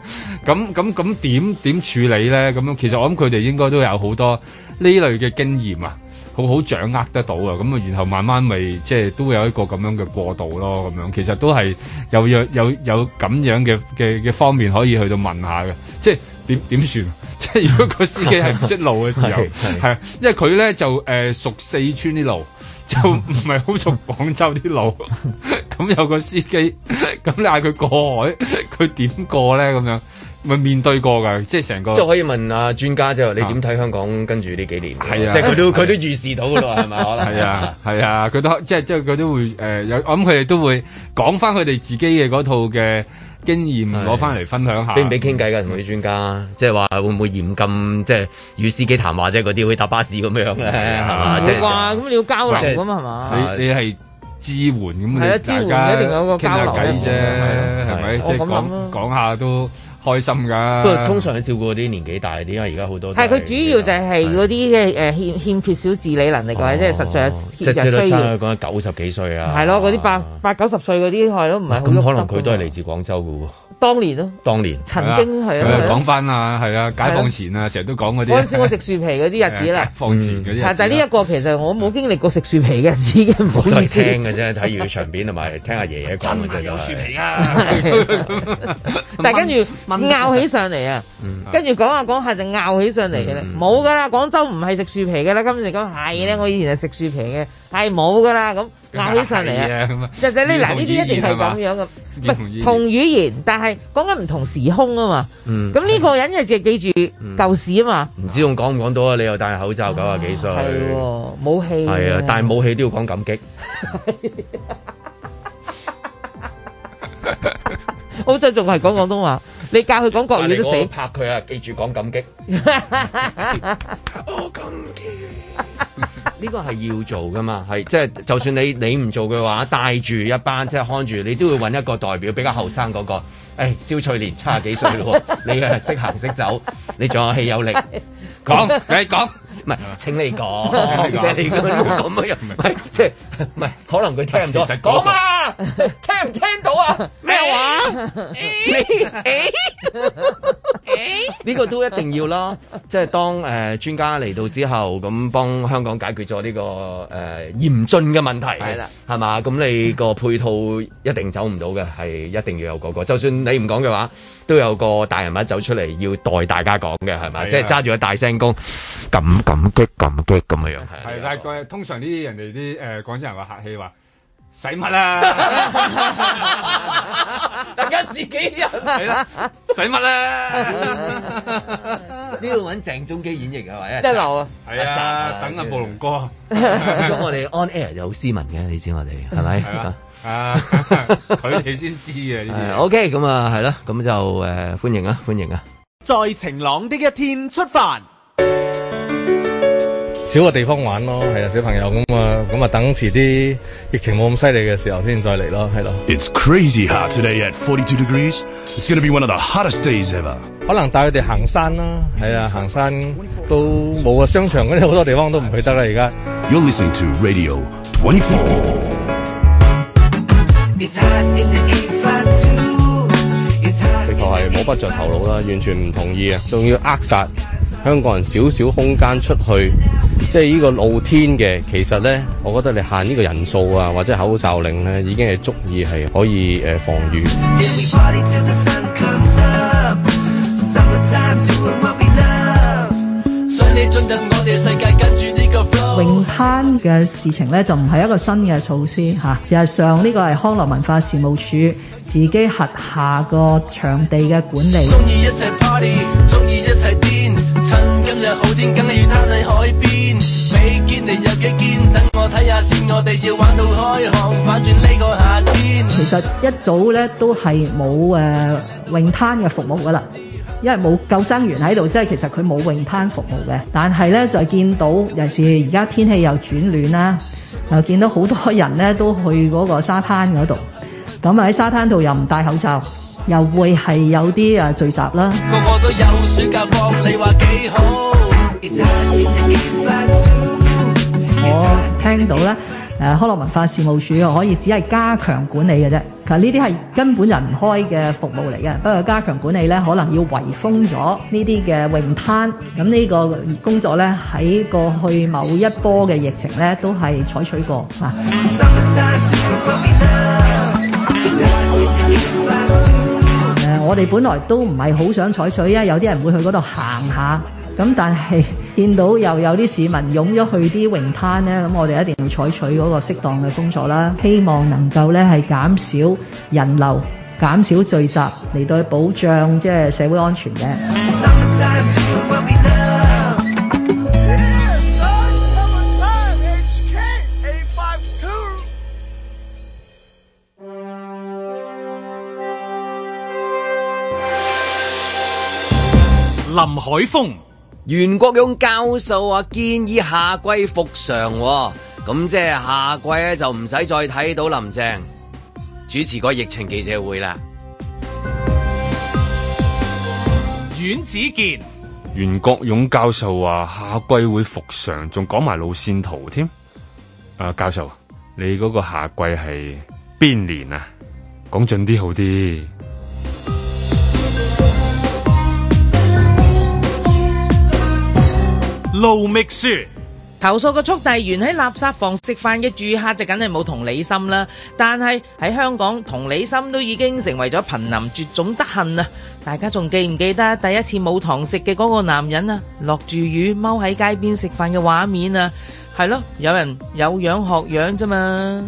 咁咁咁點點處理咧？咁樣其實我諗佢哋應該都有好多呢類嘅經驗啊，好好掌握得到啊，咁啊，然後慢慢咪即係都會有一個咁樣嘅過渡咯，咁樣其實都係有有有有咁樣嘅嘅嘅方面可以去到問下嘅，即係。點點算？即係如果個司機係唔識路嘅時候，係， 因為佢咧就誒熟、呃、四川啲路，就唔係好熟廣州啲路。咁 有個司機，咁你嗌佢過海，佢點過咧？咁樣咪面對過噶？即係成個。即係可以問啊專家之後，你點睇香港跟住呢幾年？係啊，即係佢都佢都預視到噶啦，係咪啊？係啊係啊，佢、啊啊啊啊啊、都、啊啊、都即係即係佢都會誒、呃，我諗佢哋都會講翻佢哋自己嘅嗰套嘅。經驗攞翻嚟分享下，俾唔俾傾偈噶？同嗰啲專家，即係話會唔會嚴禁？即係與司機談話啫，嗰啲會搭巴士咁樣咧，係嘛？即係話咁你要交流咁係嘛？你你係支援咁，係啊支援，一定有個交流啫，係咪？即係講講下都。開心㗎，不過通常你照顧啲年紀大，點解而家好多都係？係佢主要就係嗰啲即係誒欠欠缺少自理能力嘅話、哦、即係實在其實需要。即係講緊九十幾歲是8，啊。係咯，嗰啲八八九十歲嗰啲係咯，唔係咁可能佢都係嚟自廣州嘅喎。當年咯，當年曾經係啊，講翻啊，係啊，啊，啊，啊，解放前啊，成日都講嗰啲。嗰陣時我食樹皮嗰啲日子啦，啊，解放前嗰啲，嗯。但呢一個其實我冇經歷過食樹皮嘅日子嘅，冇，嗯。都聽嘅啫，睇住佢相片同埋聽下爺爺講嘅啫，都真係樹皮啊 但跟住拗起上嚟啊，跟住講下講下就拗起上嚟嘅啦，冇㗎啦，廣州唔係食樹皮㗎啦。今時咁係咧，我以前係食樹皮嘅，係冇㗎啦咁。硬起上嚟啊！就、啊、就、啊、你嗱，呢啲一定係咁樣㗎。唔同語言，嗯、但係講緊唔同時空啊嘛。咁、嗯、呢個人就只記住舊時啊嘛。唔知仲講唔講到啊？你又戴口罩九十，九啊幾歲？係，冇氣。係啊，但係冇氣都要講感激。好在仲係講廣東話， 你教佢講國語都死我拍佢啊！記住講感激。 呢、這個係要做㗎嘛，係即係就算你你唔做嘅話，帶住一班即係、就是、看住，你都會揾一個代表比較後生嗰個。肖、哎、蕭翠蓮七十幾歲咯？ 你係、啊、識行識走，你仲有氣有力，講你講。 唔係，請你講，即 係你咁樣咁嘅人，唔係即係唔係？可能佢聽唔到，講、那個、啊， 聽唔聽到啊？咩 話？誒誒誒，呢、欸 欸、 個都一定要咯即係、就是、當誒專、呃、家嚟到之後，咁幫香港解決咗呢、這個誒嚴、呃、峻嘅問題，係啦，係嘛？咁你那個配套一定走唔到嘅，係一定要有嗰個。就算你唔講嘅話，都有一個大人物走出嚟要代大家講嘅，係嘛？即係揸住個大聲公咁感激感激咁嘅樣係，係但係通常呢啲人哋啲誒，廣州人話客氣話，使乜啦大家自己人，係啦、啊，使乜啦呢度揾鄭中基演繹係咪一流？係啊，啊，啊，啊，啊，啊，等阿暴龍哥， 我哋 on air 就好斯文嘅，你知我哋係咪？係啊，佢哋先知嘅。OK，咁啊，係啦，咁就誒，歡迎啊，歡迎啊歡迎，在晴朗的一天出發。少個地方玩咯，係啊，小朋友咁啊，咁啊等遲啲疫情冇咁犀利嘅時候先再嚟咯，係咯。可能帶佢哋行山啦，係啊，行山都冇啊，商場嗰啲好多地方都唔去得啦，而家。直頭係摸不着頭腦啦，完全唔同意啊，仲要扼殺。香港人少少空間出去，即係呢個露天嘅，其實呢，我覺得你限呢個人數啊，或者口罩令呢，已經係足以係可以防禦。Up, love, 泳灘嘅事情呢，就唔係一個新嘅措施，啊，事實上呢個係康樂文化事務處自己轄下個場地嘅管理。今日好天，梗係要攤喺海邊。美見你有幾肩？等我睇下先，我哋要玩到開學，反轉呢個夏天。其實一早咧都係冇誒泳灘嘅服務㗎喇，因為冇救生員喺度，即係其實佢冇泳灘服務嘅。但係咧就見到，尤其是而家天氣又轉暖啦，又見到好多人咧都去嗰個沙灘嗰度。咁啊喺沙灘度又唔戴口罩，又會係有啲啊聚集啦。個個都有暑假放，你話幾好 a, a, 我聽到咧，誒，康樂文化事務署可以只係加強管理嘅啫。其實呢啲係根本就唔開嘅服務嚟嘅。不過加強管理咧，可能要圍封咗呢啲嘅泳灘。咁呢個工作咧喺過去某一波嘅疫情咧，都係採取過、啊誒、嗯，我哋本來都唔係好想採取啊，有啲人會去嗰度行下，咁但係見到又有啲市民湧咗去啲泳灘咧，咁我哋一定要採取嗰個適當嘅工作啦，希望能夠咧係減少人流，減少聚集，嚟到保障即係、就是、社會安全嘅。 林海峰、袁國勇教授啊，建議夏季復常，咁即係夏季咧就唔使再睇到林鄭主持個疫情記者會啦。阮子健、袁國勇教授話夏季會復常，仲講埋路線圖添。啊，教授，你嗰個夏季係邊年啊？講盡啲好啲。盧覓雪投訴個速遞員喺垃圾房食飯嘅住客就梗係冇同理心啦，但係喺香港同理心都已經成為咗瀕臨絕種得恨啊！大家仲記唔記得第一次冇堂食嘅嗰個男人啊，落住雨踎喺街邊食飯嘅畫面啊，係咯，有人有樣學樣啫嘛，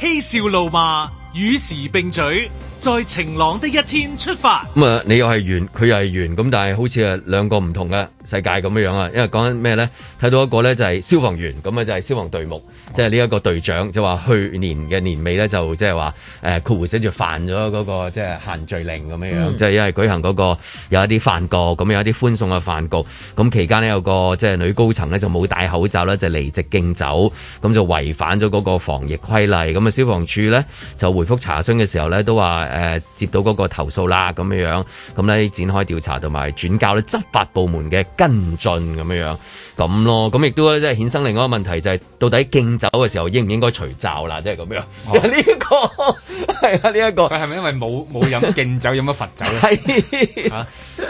嬉笑怒罵與時並舉。在晴朗的一天出發，咁、嗯、啊，你又係員，佢又係員，咁但係好似啊兩個唔同嘅世界咁樣樣啊。因為講緊咩呢？睇到一個呢，就係消防員，咁啊就係、是、消防隊目，即係呢一個隊長就話去年嘅年尾呢、呃那個，就即係話誒，佢會寫住犯咗嗰個即係限聚令咁樣樣，即、嗯、係、就是、因為舉行嗰、那個有一啲飯局，咁有一啲寬鬆嘅飯局。咁期間呢，有個即係女高層呢，就冇戴口罩呢，就離席敬酒，咁就違反咗嗰個防疫規例。咁啊消防處呢，就回覆查詢嘅時候呢，都話。誒，接到嗰個投訴啦，咁樣樣，咁咧展開調查同埋轉交咧執法部門嘅跟進，咁樣樣，咁咯，咁亦都即係衍生另外一個問題，就是，就係到底敬酒嘅時候應唔應該除罩啦，即係咁樣。呢、哦這個係啊，呢、這、一個係咪因為冇冇飲敬酒，飲咗罰酒咧？唉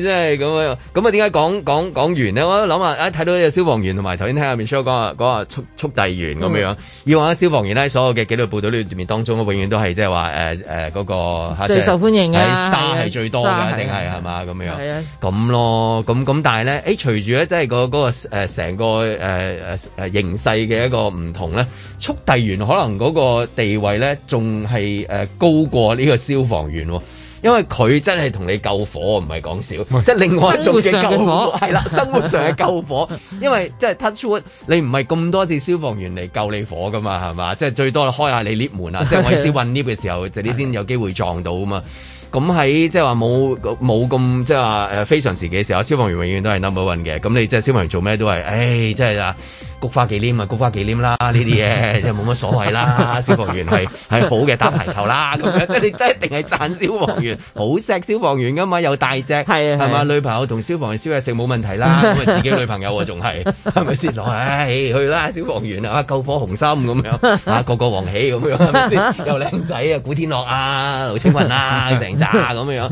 哎，真係咁啊，咁啊，點解講講講完呢我諗下，睇到有消防員同埋頭先聽下面 show 嗰個速速遞員咁樣樣，以、嗯、往消防員咧，所有嘅紀律部隊裡面當中，永遠都係即係話誒。呃誒、那個，嗰個最受歡迎嘅，係 star 係最多嘅，定係係嘛咁樣，係啊，咁咯，咁咁但係咧，誒，隨住咧，即係嗰嗰個誒，成、那個誒誒誒形勢嘅一個唔同咧，速遞員可能嗰個地位咧，仲係誒高過呢個消防員咯。因為佢真係同你救火，唔係講笑，即係另外一種嘅救火，係啦，生活上嘅救火。 因為即係、就是、touch wood，你唔係咁多次消防員嚟救你火噶嘛，係嘛？即係最多開下你 lift 門啊， 即係開始運 lift 嘅時候， 就你先有機會撞到啊嘛。咁喺即係話冇冇咁即係話誒非常時嘅時候，消防員永遠都係 number one 嘅。咁你即係消防員做咩都係，誒、哎，真係啊！菊花忌廉呀菊花忌廉啦，呢啲嘢又冇乜所謂啦。 消防員係係好嘅，打排球啦咁樣， 即係你真係一定係讚消防員，好錫消防員噶嘛，又大隻係啊，係嘛？女朋友同消防員燒嘢食冇問題啦。咁 啊自己女朋友啊仲係係咪先？唉、哎，去啦消防員啊救火雄心咁樣啊個個王喜咁樣係咪先？又靚仔啊，古天樂啊，劉青雲啊，成扎咁樣。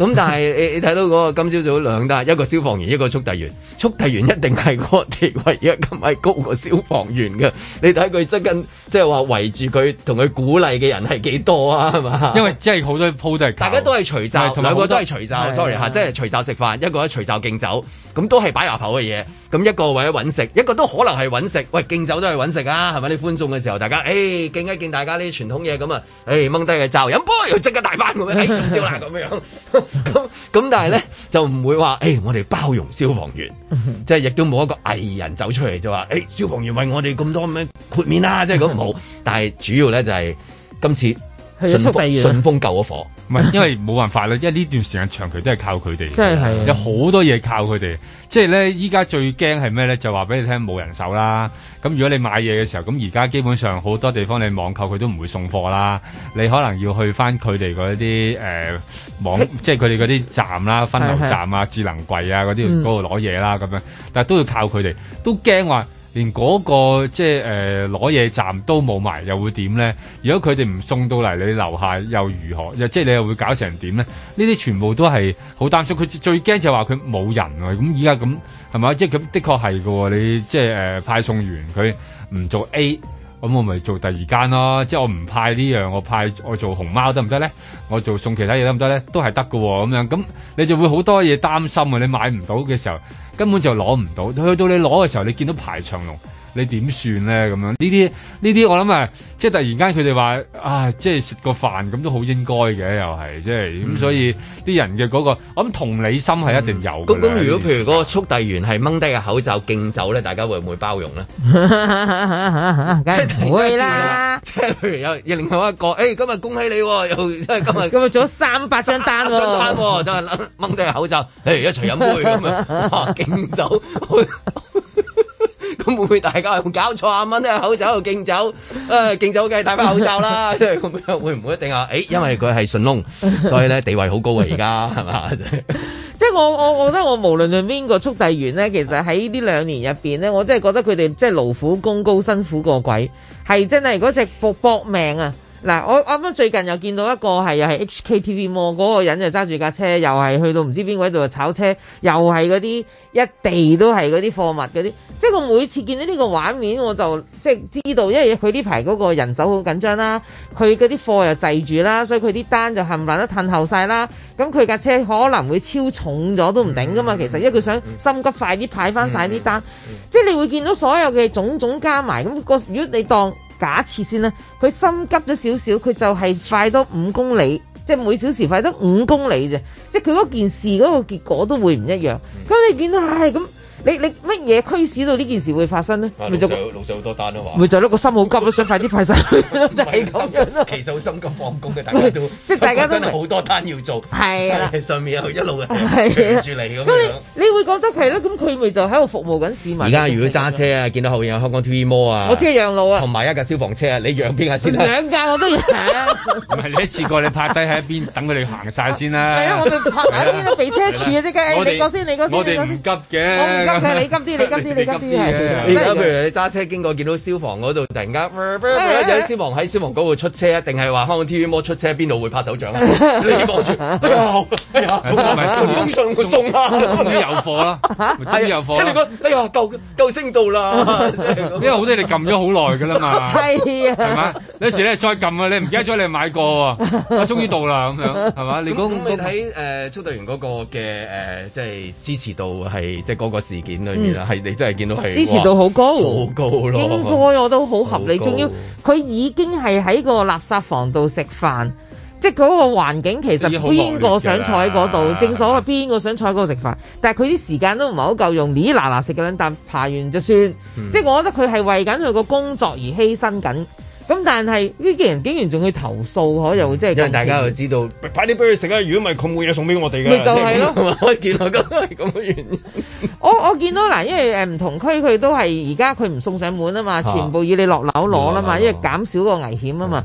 咁 但係你你睇到嗰個今朝早兩單，一個消防員，一個速遞員，速遞員一定係我地唯一咁係高過消防員嘅。你睇佢即係跟即係話圍住佢同佢鼓勵嘅人係幾多啊？係嘛？因為即係好多鋪都大家都係除罩，同埋個都係除罩。sorry 吓，即係除罩食飯，一個喺除罩敬酒，咁都係擺牙口嘅嘢。咁一個為咗揾食，一個都可能係揾食。喂，敬酒都係揾食啊，係咪？你歡送嘅時候，大家誒、哎、敬一敬大家呢啲傳統嘢，咁啊誒掹低個罩飲杯，又即刻戴返咁樣，中招啦咁樣。咁 咁， 但係咧就唔會話，誒、欸，我哋包容消防員，即係亦都冇一個藝人走出嚟就話，誒、欸，消防員為我哋咁多咩豁免啦、啊，即係咁冇。但係主要咧就係今次順豐 救咗火。唔係 因為冇辦法啦，因為呢段時間長期都係靠佢哋，真係有好多嘢靠佢哋。即係咧，依家最驚係咩咧？就話、係、俾你聽，冇人手啦。咁如果你買嘢嘅時候，咁而家基本上好多地方你網購佢都唔會送貨啦。你可能要去翻佢哋嗰啲誒網， 即係佢哋嗰啲站啦、分流站啊、 智能櫃啊嗰啲嗰度攞嘢啦咁樣、嗯。但係都要靠佢哋，都驚話。連嗰、那個即係呃攞嘢站都冇埋，又會點咧？如果佢哋唔送到嚟你樓下，又如何？又即係你又會搞成點咧？呢啲全部都係好擔心。佢最驚就話佢冇人喎、啊。咁依家咁係咪？即係咁，的確係㗎。你即係、呃、派送員，佢唔做 A。咁我咪做第二間咯，即係我唔派呢樣，我派我做熊貓得唔得咧？我做送其他嘢得唔得咧？都係得㗎喎，咁樣咁你就會好多嘢擔心啊！你買唔到嘅時候，根本就攞唔到，去到你攞嘅時候，你見到排長龍。你點算咧？咁樣呢啲呢啲，我諗啊，即係突然間佢哋話啊，即係食個飯咁都好應該嘅，又係即係咁、嗯，所以啲人嘅嗰、嗰個，我諗同理心係一定有。咁、嗯、咁，如果譬如嗰個速遞員係掹低個口罩敬酒咧，大家會唔會包容咧？即 係唔會， 會啦。即係譬如有另外一個，誒、哎，今日恭喜你，又今日 今日做咗三百張單喎、哦， 張單喎、哦，就係掹掹低個口罩，誒、哎，一齊飲杯咁樣，敬酒。 咁會唔會大家又會搞錯啊？蚊啊，口罩度敬酒，啊敬酒梗係戴翻口罩啦，即係咁樣會唔會一定啊？誒，因為佢係順龍，所以咧地位好高啊！而家係嘛？即係我我覺得我無論係邊個速遞員咧，其實喺呢兩年入邊咧，我真係覺得佢哋即係勞苦功高，辛苦過鬼，係真係嗰隻搏搏命啊！嗱，我啱啱最近又見到一個係又係 HKTV Mall 嗰個人就揸住架車，又係去到唔知邊個位度炒車，又係嗰啲一地都係嗰啲貨物嗰啲。即係我每次見到呢個畫面，我就即係知道，因為佢呢排嗰個人手好緊張啦，佢嗰啲貨又滯住啦，所以佢啲單就冚唪唥都褪後晒啦。咁佢架車可能會超重咗都唔頂㗎嘛，其實因為佢想心急快啲派翻晒啲單。嗯、即係你會見到所有嘅種種加埋，咁個如果你當。假設先啦，佢心急咗少少，佢就係快多五公里，即係每小時快多五公里啫。即係佢嗰件事嗰個結果都會唔一樣。咁你見到唉，咁？你你乜嘢驅使到呢件事會發生咧？咪就老細好多單啊嘛！咪就碌個心好急咯， 想快啲派晒，啊就係啊。其實好心急放工嘅大家都，即、就、係、是、大家都好多單要做。係啦，啊啊，上面又一路人圍住嚟咁你你，你會覺得係咯？咁佢咪就喺度服務緊市民。而家如果揸車啊，見到後邊有香港 TV Mall 啊，我知要讓路啊，同埋一架消防車啊，你讓邊架先，啊？兩架我都讓，啊。唔 係 你一次過，你拍低喺一邊， 等佢哋行晒先啦，啊。係 啊，我哋拍喺邊度避車處嘅啫㗎，你個先，你個先。我哋唔急嘅。你急啲，你急啲，你急啲係。即係譬如你揸車經過，見到消防嗰度突然間叭叭叭叭叭叭，有消防喺消防嗰度出車，一定係話開緊 TV 摩出車，邊度會拍手掌啊？ 你望住看， 哎呀，送唔係，順風信佢送終於有貨啦，終於有貨。即係你講，哎呀，救救星到啦，因為好多嘢你撳咗好耐㗎啦嘛。係 啊，係嘛？有時咧再撳啊，你唔記得咗你買過喎，啊，終於、啊就是哎、到啦咁樣，係、啊就是那個、嘛？你講你睇速遞員嗰個嘅誒，即係支持度係即係嗰個時。見到啦，係你真係見到係支持度好高，好高咯，應該我都好合理，仲要佢已經係喺個垃圾房度食飯，即係嗰個環境其實邊個想坐喺嗰度？正所謂邊個想坐喺嗰度食飯？但係佢啲時間都唔係好夠用，呢嗱嗱食嘅兩啖，爬完就算。嗯、即係我覺得佢係為緊佢個工作而犧牲緊。咁但係呢啲人竟然仲去投訴，可又即係大家又知道派啲俾佢食啊！如果唔係佢冇嘢送俾我哋嘅，咪就係咯。我見到咁嘅原因，我我見到嗱，因為唔 同區佢都係而家佢唔送上門啊嘛，全部以你落樓攞啦嘛，因為減少個危險啊嘛。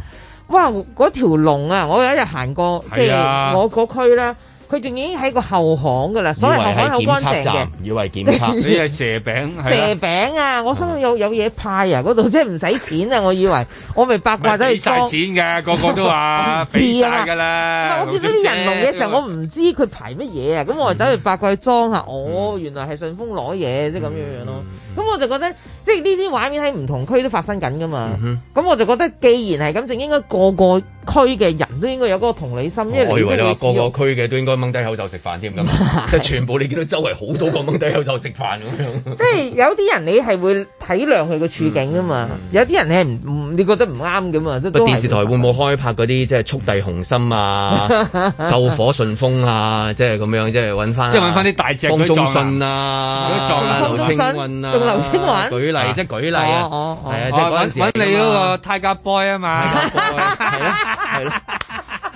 哇！嗰條龍啊，我有一日行過，即係、啊就是、我個區啦。佢仲已經喺個後巷噶啦，所謂後巷口乾淨嘅，以為檢測， 你係蛇餅，蛇餅啊！ 我心諗有有嘢派啊，嗰度即係唔使錢啊！我以為， 我咪八卦走去攤錢嘅， 個個都話俾曬㗎啦。我見到啲人龍嘅時候， 我唔知佢排乜嘢啊，咁、嗯、我咪走去八卦去裝下、嗯，哦，原來係順豐攞嘢，即係咁樣樣咯。嗯。咁我就覺得，即係呢啲畫面喺唔同區都發生緊噶嘛。咁、嗯、我就覺得，既然係咁，就應該個個區嘅人都應該有個同理心。因為我、哦、以為你話個個區嘅都應該掹低口罩食飯添，即係全部你見到周圍好多個掹低口罩食飯咁樣。 即係有啲人你係會體諒佢嘅處境噶嘛，嗯嗯、有啲人你係唔你覺得唔啱噶嘛。咁電視台會唔會會會開拍嗰啲即係速遞雄心啊、 救火順風啊，即係咁樣，即係揾翻、啊，即揾翻啲大隻去撞，啊撞，啊、撞啊、劉青雲啊。劉青雲？舉例，啊、即係舉例啊，係、哦哦、對啊，即係揾揾你嗰個泰格 boy 啊嘛，係咯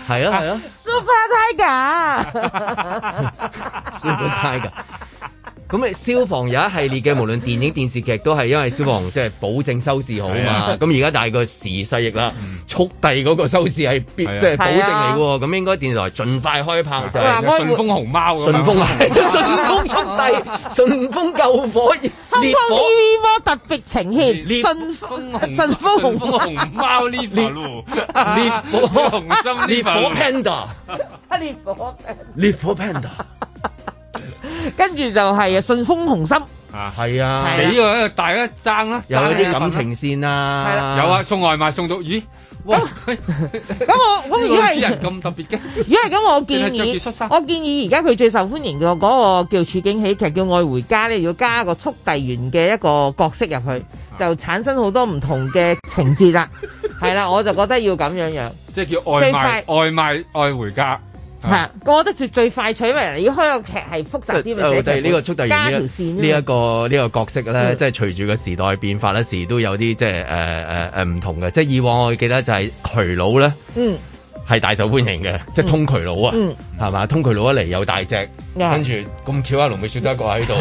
係咯係咯，Super Tiger。 Super Tiger. 咁啊，消防有一系列嘅，無論電影電視劇都係，因為消防即係保證收視好嘛。咁而家大係個時勢亦啦，速遞嗰個收視係，必即係保證嚟嘅。咁、啊、應該電視台盡快開拍、啊、就係、是《順豐熊貓》 順風速。順豐啊，順豐速遞，順豐救火，烈火 TV 特別呈現。順豐，順豐熊貓呢邊，烈火熊心呢邊，烈火 Panda，火烈火 Panda。跟住就係啊，順豐雄心啊，係啊，呢個大家爭啦，有啲感情線啦，有啊，送外賣送到咦，咁咁我咁如果係咁特別嘅，如果係咁我建議我建議而家佢最受歡迎嘅嗰個叫處境喜劇叫愛回家咧，要加個速遞員嘅一個角色入去，就產生好多唔同嘅情節啦，係啦，我就覺得要咁樣樣，即係叫外賣外賣愛回家。係、啊，我得最最快取，因為你要開個劇係複雜啲，咪、呃、寫、呃呃這個、速度加條線。呢一個呢、這個角色咧、嗯，即係隨住個時代變化時，咧，時都有啲即係誒誒誒唔同嘅。即係以往我記得就係渠佬咧，嗯，係大受歡迎嘅、嗯，即係通渠佬啊，係、嗯、嘛，通渠佬一嚟有大隻，嗯、跟住咁巧下龍尾，少得一個喺度，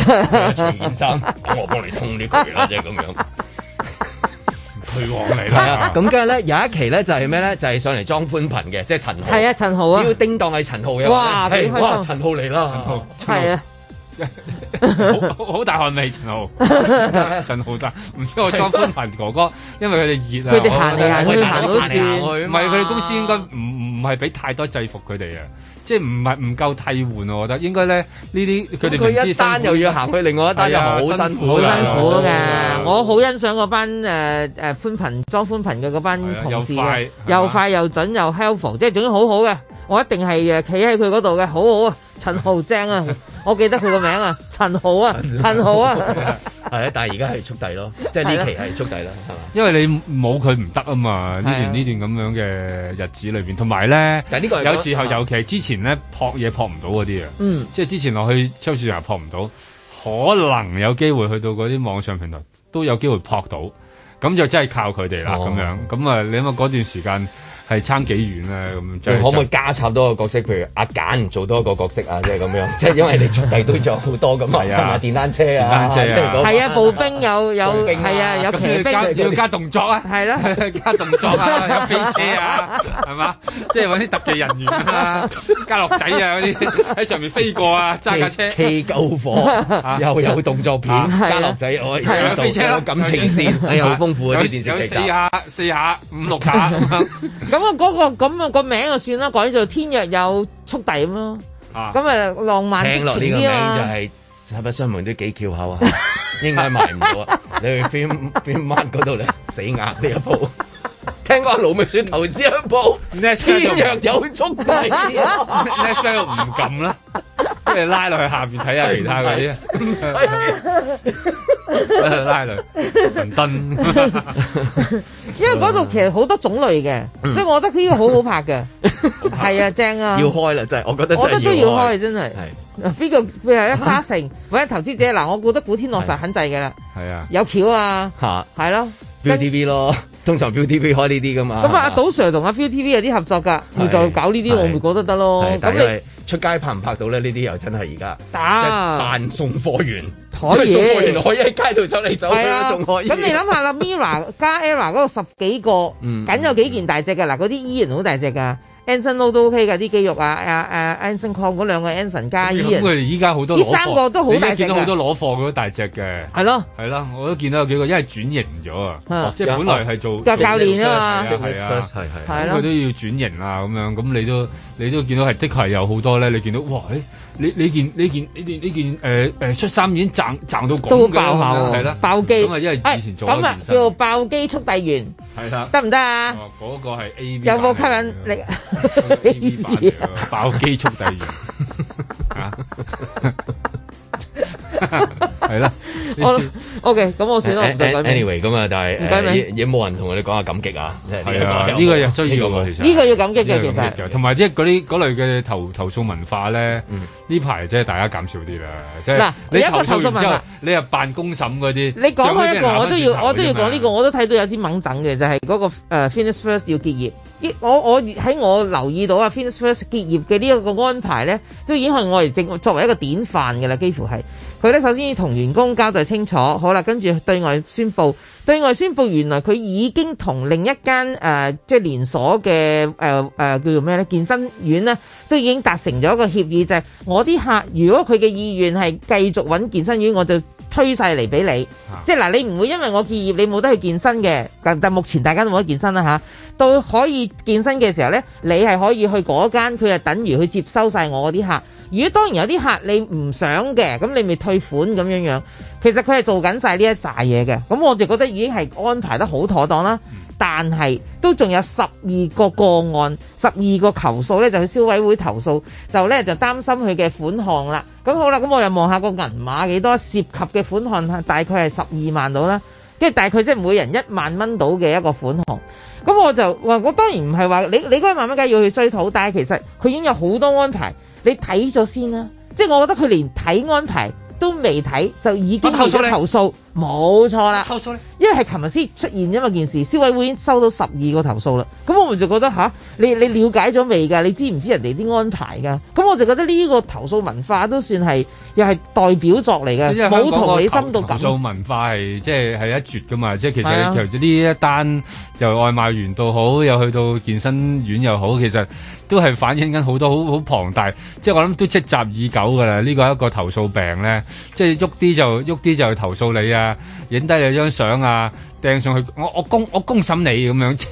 陳先生， 我幫你通呢渠啦，即係咁樣嚟啦，咁跟住咧有一期咧就係咩咧？就係、是就是、上嚟裝寬頻嘅，即係陳豪。係啊，陳豪啊，只要叮當係陳豪嘅話，係哇，欸、哇，陳豪嚟啦，陳豪，係啊 好好，好大汗味，陳豪。 陳豪得唔知我裝寬頻哥哥， 因為佢哋熱走走走去走去走去啊，佢哋行嚟行去，唔係佢哋公司應該唔唔。唔係俾太多制服佢哋啊，即係唔係唔夠替換我覺得，應該咧呢啲佢哋。佢一單又要行，佢 另外一單又好辛苦，好辛苦嘅。我好欣賞嗰班誒誒、呃、寬頻裝寬頻嘅嗰班同事嘅，又快，又，快又準又 helpful，即係總之好好嘅。我一定係誒企喺佢嗰度嘅，好好啊！陳豪 正啊，我記得佢個名啊， 陳豪啊，陳豪啊，啊， 但係而家係速遞咯， 即係呢期係速遞啦，係嘛？因為你冇佢唔得啊嘛，呢、啊、段呢段咁樣嘅日子裏面，同埋咧，有時候尤其、啊、之前咧撲嘢撲唔到嗰啲啊，嗯，即係之前落去超市又撲唔到，可能有機會去到嗰啲網上平台都有機會撲到，咁就真係靠佢哋啦咁樣，咁啊，你諗下嗰段時間。係差幾遠啊，咁，就就可唔可以加插多個角色？譬如阿簡做多一個角色啊，即係咁樣，即 係因為你出都堆咗好多咁啊，啊，電單車啊，係啊，啊，步兵有有，係啊，啊，啊，有騎兵要、啊、要加動作啊，係咯、啊，加動作啊，有飛車啊，係嘛？即係搵啲特技人員啊，加樂仔啊嗰啲喺上面飛過啊，揸架車 K 救火，又有動作片，加樂仔可以再動感情線， 啊、哎呀、呃，豐富嗰啲電視劇四下四下五六下咁啊嗰個咁啊個名就算啦，改做天若有速遞咁咯。咁啊浪漫啲，聽落呢個名就係差不新聞都幾翹口啊，應該賣唔到啊，你去 film film one 嗰度咧，死硬呢一鋪。聽過老明選投資一鋪，天若有速遞啊！Next show 唔撳啦。俾 人拉落去下邊睇下其他嘅， 是不是笑拉落倫敦，因為嗰度其實好多種類嘅，嗯、所以我覺得呢個好好拍嘅，係 啊正啊，要開啦真係，我覺得就，我覺得都要開真係，邊個 passing 或者投資者嗱，我估得古天樂實很滯嘅啦，係啊，有橋啊，係咯，ViuTV 咯。 通常 ViuTV 開呢啲噶嘛，咁啊阿賭 Sir 同阿 ViuTV 有啲合作噶，咪就搞呢啲我咪覺得得咯。咁你出街拍唔拍到咧？呢啲又真係而家打扮送貨員，佢送貨員可以喺街度走嚟走去，仲、啊、可以。咁你諗下啦，Mirror 加 Error 嗰十幾個，緊、嗯、有幾件大隻嘅嗱，嗰啲依然好大隻㗎。Anson 都 OK 嘅，啲肌肉啊、啊、誒 Anson Kong，嗰兩個 Anson 加 Ian，咁佢依家好多，呢三個都好大隻。你見到好多攞貨嗰個大隻嘅，係咯，係啦，我都見到有幾個，因為轉型咗啊，即係本來係做教、啊、教練啊嘛，啊，咁佢都要轉型啊咁樣，咁你都你都見到係的確係有好多咧，你見到哇、欸你你件呢件呢件呢件、呃、出衫已經賺賺到咁㗎啦，係啦，爆機，因為以前做咁、哎、啊叫爆機速遞員，係啦，得唔得啊？嗰、哦嗰個係 AV 有冇吸引力？AV 版嘅 爆機速遞員、 啊 係啦，好，O K，咁我算啦。Uh, anyway，咁、uh, 啊、anyway, uh,，但、uh, 係、uh, yeah, uh, 有冇人同我哋講下感激啊。係、uh, 啊，呢、uh, 這個要呢、uh, 這個要呢、uh, 個要感激嘅、這個，其實同埋即係嗰啲嗰類嘅投投訴文化咧，呢排即係大家減少啲啦。即係嗱，你一個投訴文化，你又辦公審嗰啲。你講開一個，我都要我都要講呢、這個，我都睇、這個這個、到有啲猛整嘅，就係、是、嗰、那個誒，finish、uh, first 要結業。Uh, 我我喺我留意到啊，finish first 結業嘅呢一個安排咧，都已經係我哋政作為一個典範嘅啦，幾乎係。佢咧首先要同員工交代清楚，好啦，跟住對外宣佈，對外宣佈原來佢已經同另一間誒、呃、即係連鎖嘅誒、呃、叫做咩咧健身院咧，都已經達成咗一個協議，就係、是、我啲客如果佢嘅意願係繼續揾健身院，我就推晒嚟俾你，啊、即係嗱你唔會因為我結業，你冇得去健身嘅，但但目前大家都冇得健身啦吓，到可以健身嘅時候咧，你係可以去嗰間，佢係等於去接收晒我啲客。如果當然有啲客你唔想嘅，咁你咪退款咁樣樣。其實佢係做緊晒呢一紮嘢嘅，咁我就覺得已經係安排得好妥當啦。但係都仲有十二個個案，十二個投訴咧，就去消委會投訴，就咧就擔心佢嘅款項啦。咁好啦，咁我又望下個銀碼幾多涉及嘅款項，大概係十二萬到啦，跟住大概即係每人一萬蚊到嘅一個款項。咁我就話我當然唔係話你你嗰一萬蚊梗要去追討，但係其實佢已經有好多安排。你睇咗先啦，即係我覺得佢連睇安排都未睇就已經要投訴，冇錯啦。錯投訴咧，因為係琴日先出現咁啊，件事，消委會已經收到十二個投訴啦。咁我咪就覺得吓，你你了解咗未噶？你知唔知人哋啲安排噶？咁我就覺得呢個投訴文化都算係又係代表作嚟嘅，冇同你深到咁。投訴文化係即係係一絕噶嘛，即係其實求咗呢一單由外賣員都好，又去到健身院又好，其實。都係反映緊好多好好龐大，即係我諗都積集已久㗎啦。呢個係一個投訴病咧，即係喐啲就喐啲就投訴你啊，影低你張相啊。掟上去，我我公我公審你咁樣，即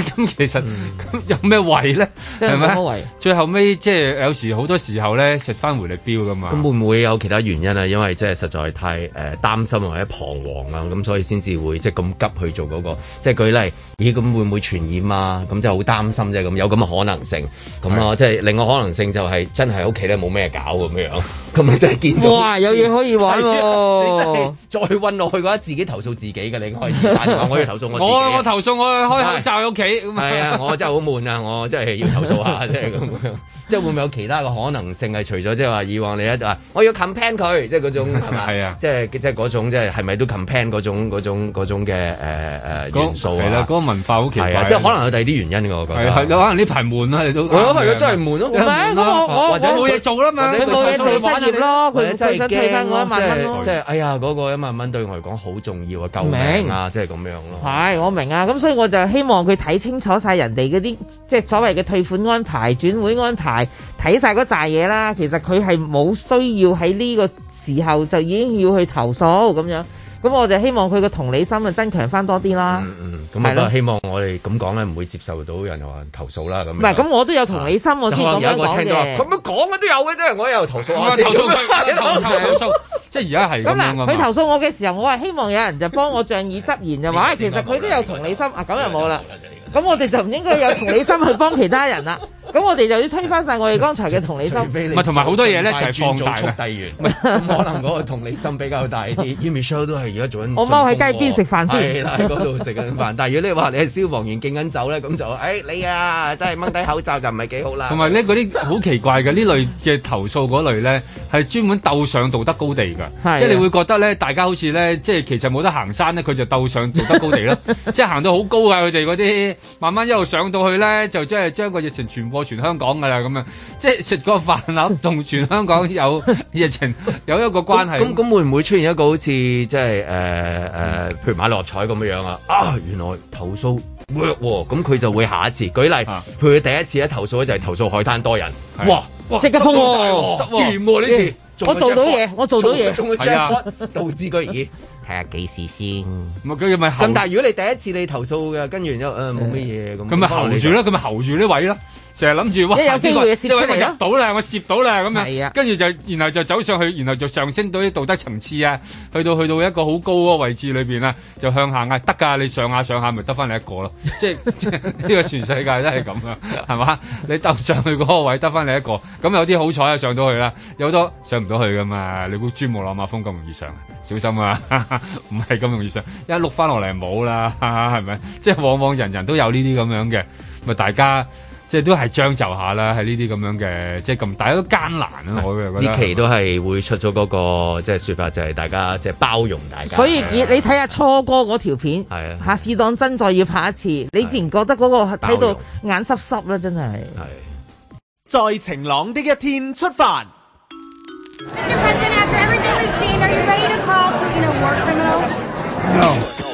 咁其實咁、嗯、有咩謂咧？係咪最後尾即係有時好多時候咧食翻回力標咁嘛？咁會唔會有其他原因啊？因為即係實在太誒、呃、擔心或者彷徨啊，咁所以先至會即係咁急去做嗰、嗰個。即係舉例，咦咁會唔會傳染啊？咁即係好擔心啫。咁有咁嘅可能性，咁啊即係另外可能性就係、是、真係屋企咧冇咩搞咁樣。咁咪真係見到哇有嘢可以玩、啊、你真係再韞落去嘅話，自己投訴自己嘅你可以 打電話，我要投訴我，我投訴我開口罩喺屋企，咁 係這樣 啊，我真係好悶啊，我真係要投訴下，真係咁樣。 即係會唔會有其他嘅可能性係除咗即係話以往你一話我要 compete 佢，即係嗰種係即係即係嗰種即係係咪都 compete 嗰種嗰種嗰種嘅誒元素啊，啊？係啦，嗰個文化好奇怪，啊啊，即係可能有第二啲原因我覺得係，啊啊、可能呢排悶啊，啊你都啊啊啊啊啊啊啊我覺得真係悶咯我明啊，或者冇嘢做啦嘛，冇嘢做就玩就咯，或者 1- 真係驚我即係即係哎呀嗰個一萬蚊對我嚟講好重要啊，救命啊！即係咁樣咯，係我明啊，咁所以我就希望佢睇清楚曬人哋啲即係所謂嘅退款安排、轉會安排。睇晒嗰扎嘢啦，其實佢係冇需要喺呢個時候就已經要去投訴咁樣，咁我就希望佢個同理心啊增強翻多啲、嗯嗯、啦。嗯嗯，咁啊希望我哋咁講咧唔會接受到人話投訴啦。咁唔係，咁我都有同理心，我先咁講嘅。有我聽到咁樣講嘅都有嘅，即係我又投訴投訴投投訴，啊、投訴投投投投即係而家係咁，佢投訴我嘅時候，我係希望有人就幫我仗義執言，就 話其實佢都有同理心啊，咁又冇啦。咁我哋就唔應該有同理心去幫其他人啦。咁 我哋就要推翻晒我哋剛才嘅同理心。同埋好多嘢咧就係放大低唔可能我個同理心比較大啲。e m i h o 都係而家做緊。我踎喺街邊食飯先。係啦，喺嗰度食緊飯。 但係如果你話你係消防員敬緊酒咧，咁就誒、哎、你啊，真係掹低口罩就唔係幾好啦。同埋咧嗰啲好奇怪嘅呢類嘅投訴嗰類咧，係專門鬥上道德高地㗎。即係你會覺得咧，大家好似咧，即係其實冇得行山咧，佢就鬥上道德高地啦。 即行到好高㗎，佢哋嗰啲。慢慢一路上到去咧，就即係將個疫情傳播全香港噶啦，咁樣即係食個飯盒同全香港有疫情有一個關係。咁 咁會唔會出現一個好似即係誒誒，譬如買六合彩咁樣樣啊？啊，原來投訴 work 喎，哦，咁佢就會下一次舉例，啊、譬如第一次咧投訴咧就係、是、投訴海灘多人，哇哇即刻封哦，掂喎呢次 jackpot，我，我做到嘢，我做到嘢，係 是啊，導致佢而。睇下幾時先，嗯，咁但係如果你第一次你投訴嘅，跟住然之後誒冇乜嘢，咁咁咪候住咯，咁咪候住呢位咯。成日諗住，哇！有機會嘅攝出嚟咯，我到啦，我攝到啦咁樣，跟住、啊、就，然後就走上去，然後就上升到啲道德層次啊，去到去到一個好高個位置裏面啦，就向下壓得㗎。你上下上下，咪得翻你一個咯。 即係即係呢個全世界都係咁啊，係嘛？你登上去個位，得翻你一個咁。有啲好彩啊，上到去啦，有多上唔到去噶嘛。你估珠穆朗瑪峯咁容易上？小心啊，唔係咁容易上，一碌翻落嚟冇啦，係咪？即係往往人人都有呢啲咁樣嘅，咪大家。即係都係將就下啦，喺呢啲咁樣嘅，即係咁大家都艱難啊。我覺得。呢期都係會出咗嗰、那個，即係説法就係大家即係、就是、包容大家。所以、啊、你睇下初哥嗰條片，是啊、下試當真再要拍一次，是啊、你自然覺得嗰個睇到眼濕濕啦，真係。係。在晴朗的一天出發。Mr.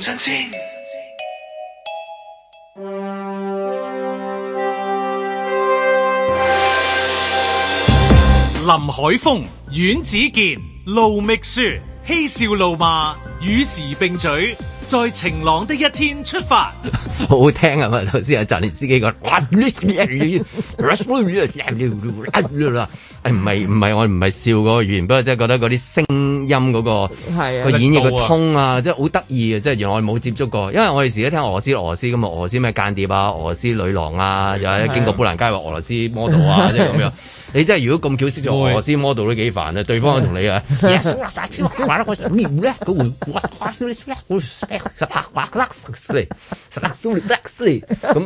林海峰、阮子健、盧覓雪，嬉笑怒罵，與時並舉。在晴朗的一天出發， 好聽啊嘛！頭先阿你，你，司機講，哎唔係唔係我唔係笑嗰個語言，不，不，我不過真係覺得嗰啲聲音嗰、嗰個，係啊，嗰個演繹個通啊，真係好得意啊！即係原來我冇接觸過，因為我哋時家聽俄羅斯俄羅斯咁啊，俄羅斯咩間諜啊，俄羅斯女郎啊，又、啊、經過波蘭街話俄羅斯 model 啊，即係咁樣。 你真係如果咁巧識咗俄羅斯 model 都幾煩啊！對方同你啊 咁啊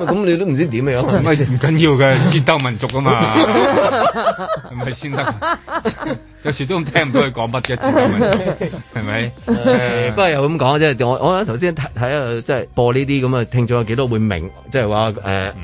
咁你都唔知點樣，唔係唔緊要嘅，戰鬥民族啊嘛，唔係先得， 有時都聽唔到佢講乜嘅戰鬥民族，係咪、嗯 呃？不過又咁講啫，我我頭先睇睇啊，即係播呢啲咁啊，聽咗有幾多會明，即係話誒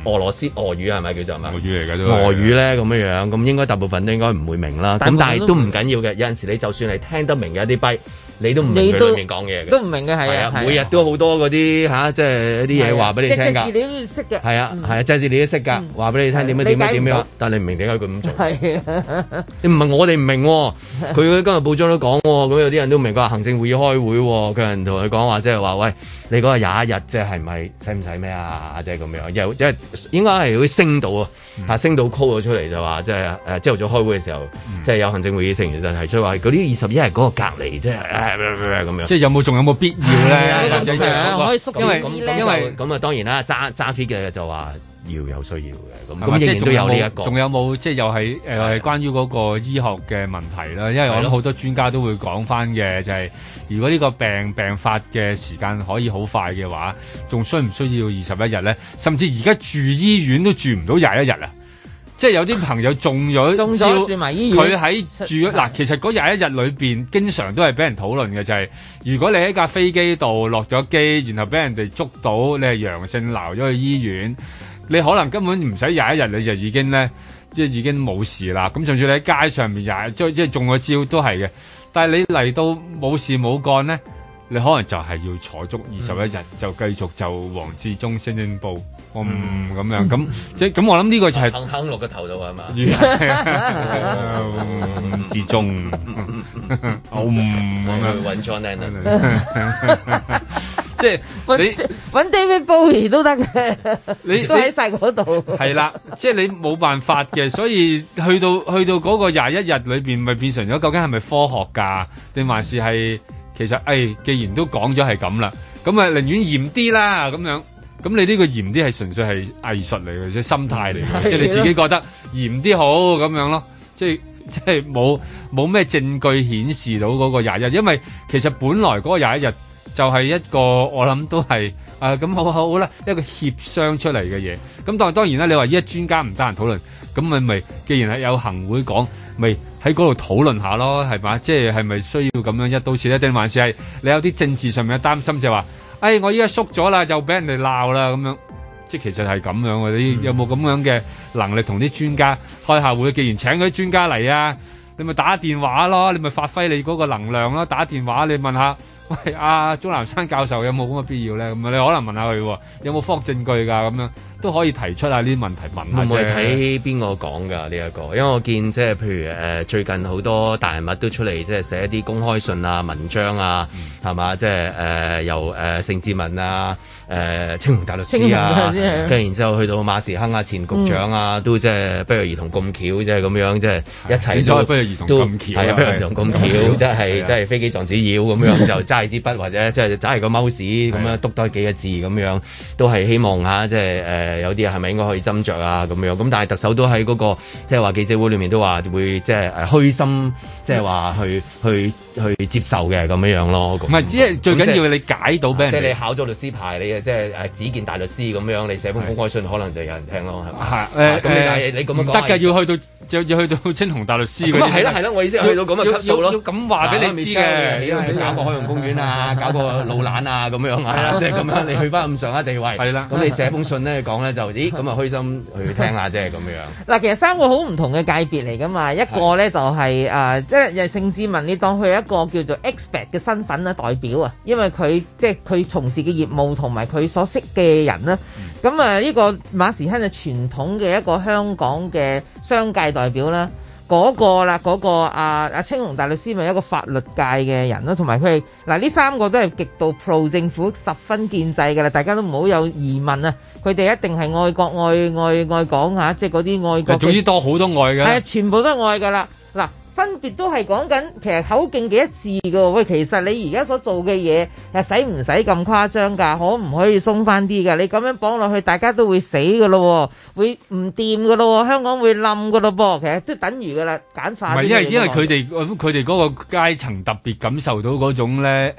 俄羅斯俄語係咪叫做啊？俄語嚟噶俄語咧咁嘅樣，咁應該大部分都應該唔會明啦。咁但係都唔緊要嘅，有陣時候你就算係聽得明有啲弊。你都唔明佢裏面講嘢嘅，你都唔明嘅係啊，啊，啊，啊，啊！每日都好多嗰啲嚇，即係一啲嘢話俾你聽㗎。係你都識嘅，係啊係啊，即使、啊啊啊、你都識㗎，話俾、啊嗯啊、你聽點樣點樣點樣，但你唔明點解佢咁做。啊、你唔係我哋唔明、哦，佢嗰、啊《今日報章都、哦》都講喎，咁有啲人都唔明㗎，行政會議開會、哦，佢有人同佢講話，即係話喂，你嗰廿一日即係係咪使唔使咩啊？即係咁樣，即係應該係會升到啊、嗯，升到 call 咗出嚟就話，即係朝頭早開會嘅時候，即、就、係、是、有行政會議成員就提出話，嗰啲二十一日嗰個隔離即、就、係、是。咁樣、 嗯嗯嗯？即係有冇仲有冇必要咧、嗯嗯？因為因為咁啊，當然啦，揸揸 fit 嘅就話要有需要嘅。咁即係都有呢、這、一個。仲有冇即係又係誒、呃？關於嗰個醫學嘅問題啦，因為我覺得好多專家都會講翻嘅，就係、是、如果呢個病病發嘅時間可以好快嘅話，仲需唔需要二十一日咧？甚至而家住醫院都住唔到廿一日啊！即係有啲朋友中咗中招，中住埋佢喺住嗱，其實嗰廿一日裏面經常都係俾人討論嘅就係、是，如果你喺架飛機度落咗機，然後俾人哋捉到，你係陽性，留咗去醫院，你可能根本唔使廿一日你就已經咧，即係已經冇事啦。咁甚至你喺街上面廿即係即係中咗招都係嘅，但係你嚟到冇事冇幹咧，你可能就係要坐足二十一日、嗯、就繼續就黃志忠新聞報。我唔咁樣，咁、啊 嗯嗯、 即係咁，我諗呢個就係亨亨樂嘅頭度係嘛？始終我唔揾搵 John Lennon 即係你揾 David Bowie 都得嘅，你都喺晒嗰度。係啦，即係你冇辦法嘅，所以去到去到嗰個廿一日裏邊，咪變成咗究竟係咪科學噶，定還是係其實誒、哎，既然都講咗係咁啦，咁啊寧願嚴啲啦咁樣。咁你呢個嚴啲係純粹係藝術嚟嘅，即係心態嚟嘅，即係你自己覺得嚴啲好咁樣咯，即係即係冇冇咩證據顯示到嗰個廿一日，因為其實本來嗰個廿一日就係一個我諗都係啊咁好，好啦，一個協商出嚟嘅嘢。咁當當然啦，你話依家專家唔得閒討論，咁咪咪既然係有行會講，咪喺嗰度討論下咯，係嘛？即係係咪需要咁樣一刀切，定還是係你有啲政治上面嘅擔心就話？哎，我依家縮咗啦，就俾人哋鬧啦，咁樣，即其實係咁樣嘅，你有冇咁樣嘅能力同啲、嗯、專家開下會。既然請佢啲專家嚟啊，你咪打電話咯，你咪發揮你嗰個能量咯，打電話你問下。喂，阿、啊、鍾南山教授有冇咁嘅必要咧？咁啊，你可能問下佢有冇科學證據㗎？咁樣都可以提出下呢啲問題，問一下，即係睇邊個講㗎呢一個，因為我見即係譬如誒、呃、最近好多大人物都出嚟即係寫一啲公開信啊、文章啊，係、嗯、嘛？即係誒由誒盛智文啊。誒清洪大律師啊，跟住然之後去到馬時亨啊、前局長啊，嗯、都即係不約而同咁巧係咁、即係、樣即係、即係、一齊咗，都咁巧，不約而同咁巧，即係即係飛機撞紙鷂咁樣就揸支筆 或者即係揸係個 mouse 咁樣督多幾個字咁樣，都係希望嚇即係誒有啲係咪應該可以斟酌啊咁樣咁，但係特首都喺嗰、嗰個即係話記者會裏面都話會即係誒虛心。即係話去去去接受嘅咁樣樣咯，唔、啊、係，即、啊、係、啊、最緊要是你解到、啊，即、就、係、是、你考咗律師牌，你即係誒只見大律師咁樣，你寫封公開信可能就有人聽咯，係嘛？係咁、啊啊、你但你咁樣講得㗎，要去到要要去到青紅大律師咁啊，係我意思去到咁啊級數咯，咁話俾你知嘅，你搞個海洋公園啊， 搞個老闆啊咁樣啊，即係咁樣，你去翻咁上下地位係啦，咁你寫封信咧講咧就咦咁啊開心去聽下，即係咁樣。嗱，其實三個好唔同嘅界別嚟㗎嘛，一個咧就係誒即。即係盛智文，你當佢係一個叫做 expert 嘅身份啊代表啊，因為佢即係佢從事嘅業務同埋佢所識嘅人啦。咁啊，呢個馬時亨係傳統嘅一個香港嘅商界代表啦，嗰、那個啦，嗰、那個阿阿、啊、青龍大律師咪一個法律界嘅人咯，同埋佢係嗱呢三個都係極度 pro 政府、十分建制噶啦，大家都唔好有疑問啊！佢哋一定係愛國、愛愛愛港吓，即係嗰啲愛國。總之多好多愛噶。係全部都係愛噶啦嗱。分別都係講緊其實口徑幾一致噶，喂，其實你而家所做嘅嘢係使唔使咁誇張㗎？可唔可以鬆翻啲㗎？你咁樣綁落去，大家都會死㗎咯，會唔掂㗎咯，香港會冧㗎咯噃，其實都等於㗎啦，簡化。唔係，因為因為佢哋佢哋嗰個階層特別感受到嗰種咧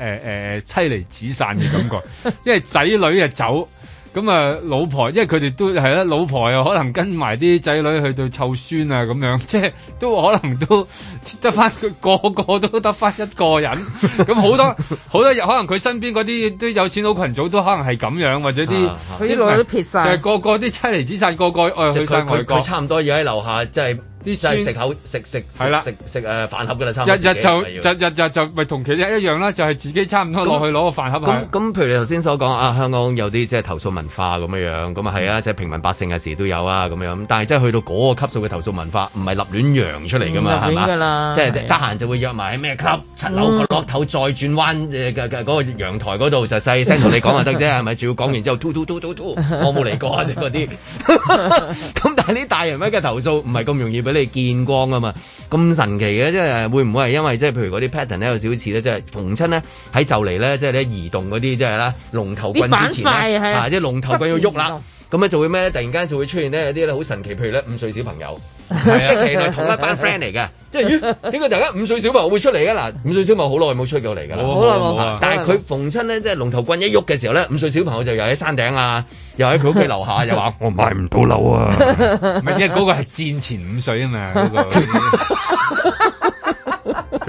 誒誒妻離子散嘅感覺， 因為仔女啊走。咁啊，老婆，即係佢哋都係啦，老婆又可能跟埋啲仔女去到湊孫啊，咁樣，即係都可能都得返個個都得返一個人，咁 好多好多日，可能佢身邊嗰啲都有錢佬群組，都可能係咁樣，或者啲佢啲女都撇晒，係個個啲妻離子散，個個誒去曬外國，差唔多要喺樓下即係。就是啲就係、是、食口食食係啦，食食誒、呃、飯盒嘅啦，差唔多日日就日日就咪同其他一樣啦，就係、是、自己差唔多落去攞個飯盒咁咁，譬如你頭先所講啊，香港有啲即係投訴文化咁樣樣，咁啊係啊，即、嗯、係、就是、平民百姓嘅事都有啊咁樣。但係即係去到嗰個級數嘅投訴文化，唔係立亂揚出嚟㗎嘛，係嘛？即係得閒就會約埋喺咩級七樓個落頭再轉彎誒嘅嗰個陽台嗰度就細聲同你講就得啫，係 咪？仲要講完之後，嘟嘟嘟嘟嘟，我冇嚟過啊！即嗰啲。咁但係啲大人物嘅投訴唔係咁容易。畀你見光啊嘛，咁神奇嘅，即係會唔會係因為即係譬如嗰啲 pattern 咧有少少似咧，即係逢親咧喺就嚟咧，即係咧移動嗰啲即係啦龍頭棍之前呢，啊係龍頭棍要喐啦，咁咧就會咩咧？突然間就會出現咧有啲呢，好神奇，譬如咧五歲小朋友。 係啊，即、就、係、是、同一班 friend 嚟嘅，即係咦，點解大家五歲小朋友會出嚟㗎？嗱，五歲小朋友好耐冇出過嚟噶啦，但係佢逢親咧，即係龍頭棍一喐嘅時候咧，五歲小朋友就又喺山頂啊，又喺佢屋企樓下，又 話我買唔到樓啊，咪因為嗰個係戰前五歲啊嘛，嗰、那個。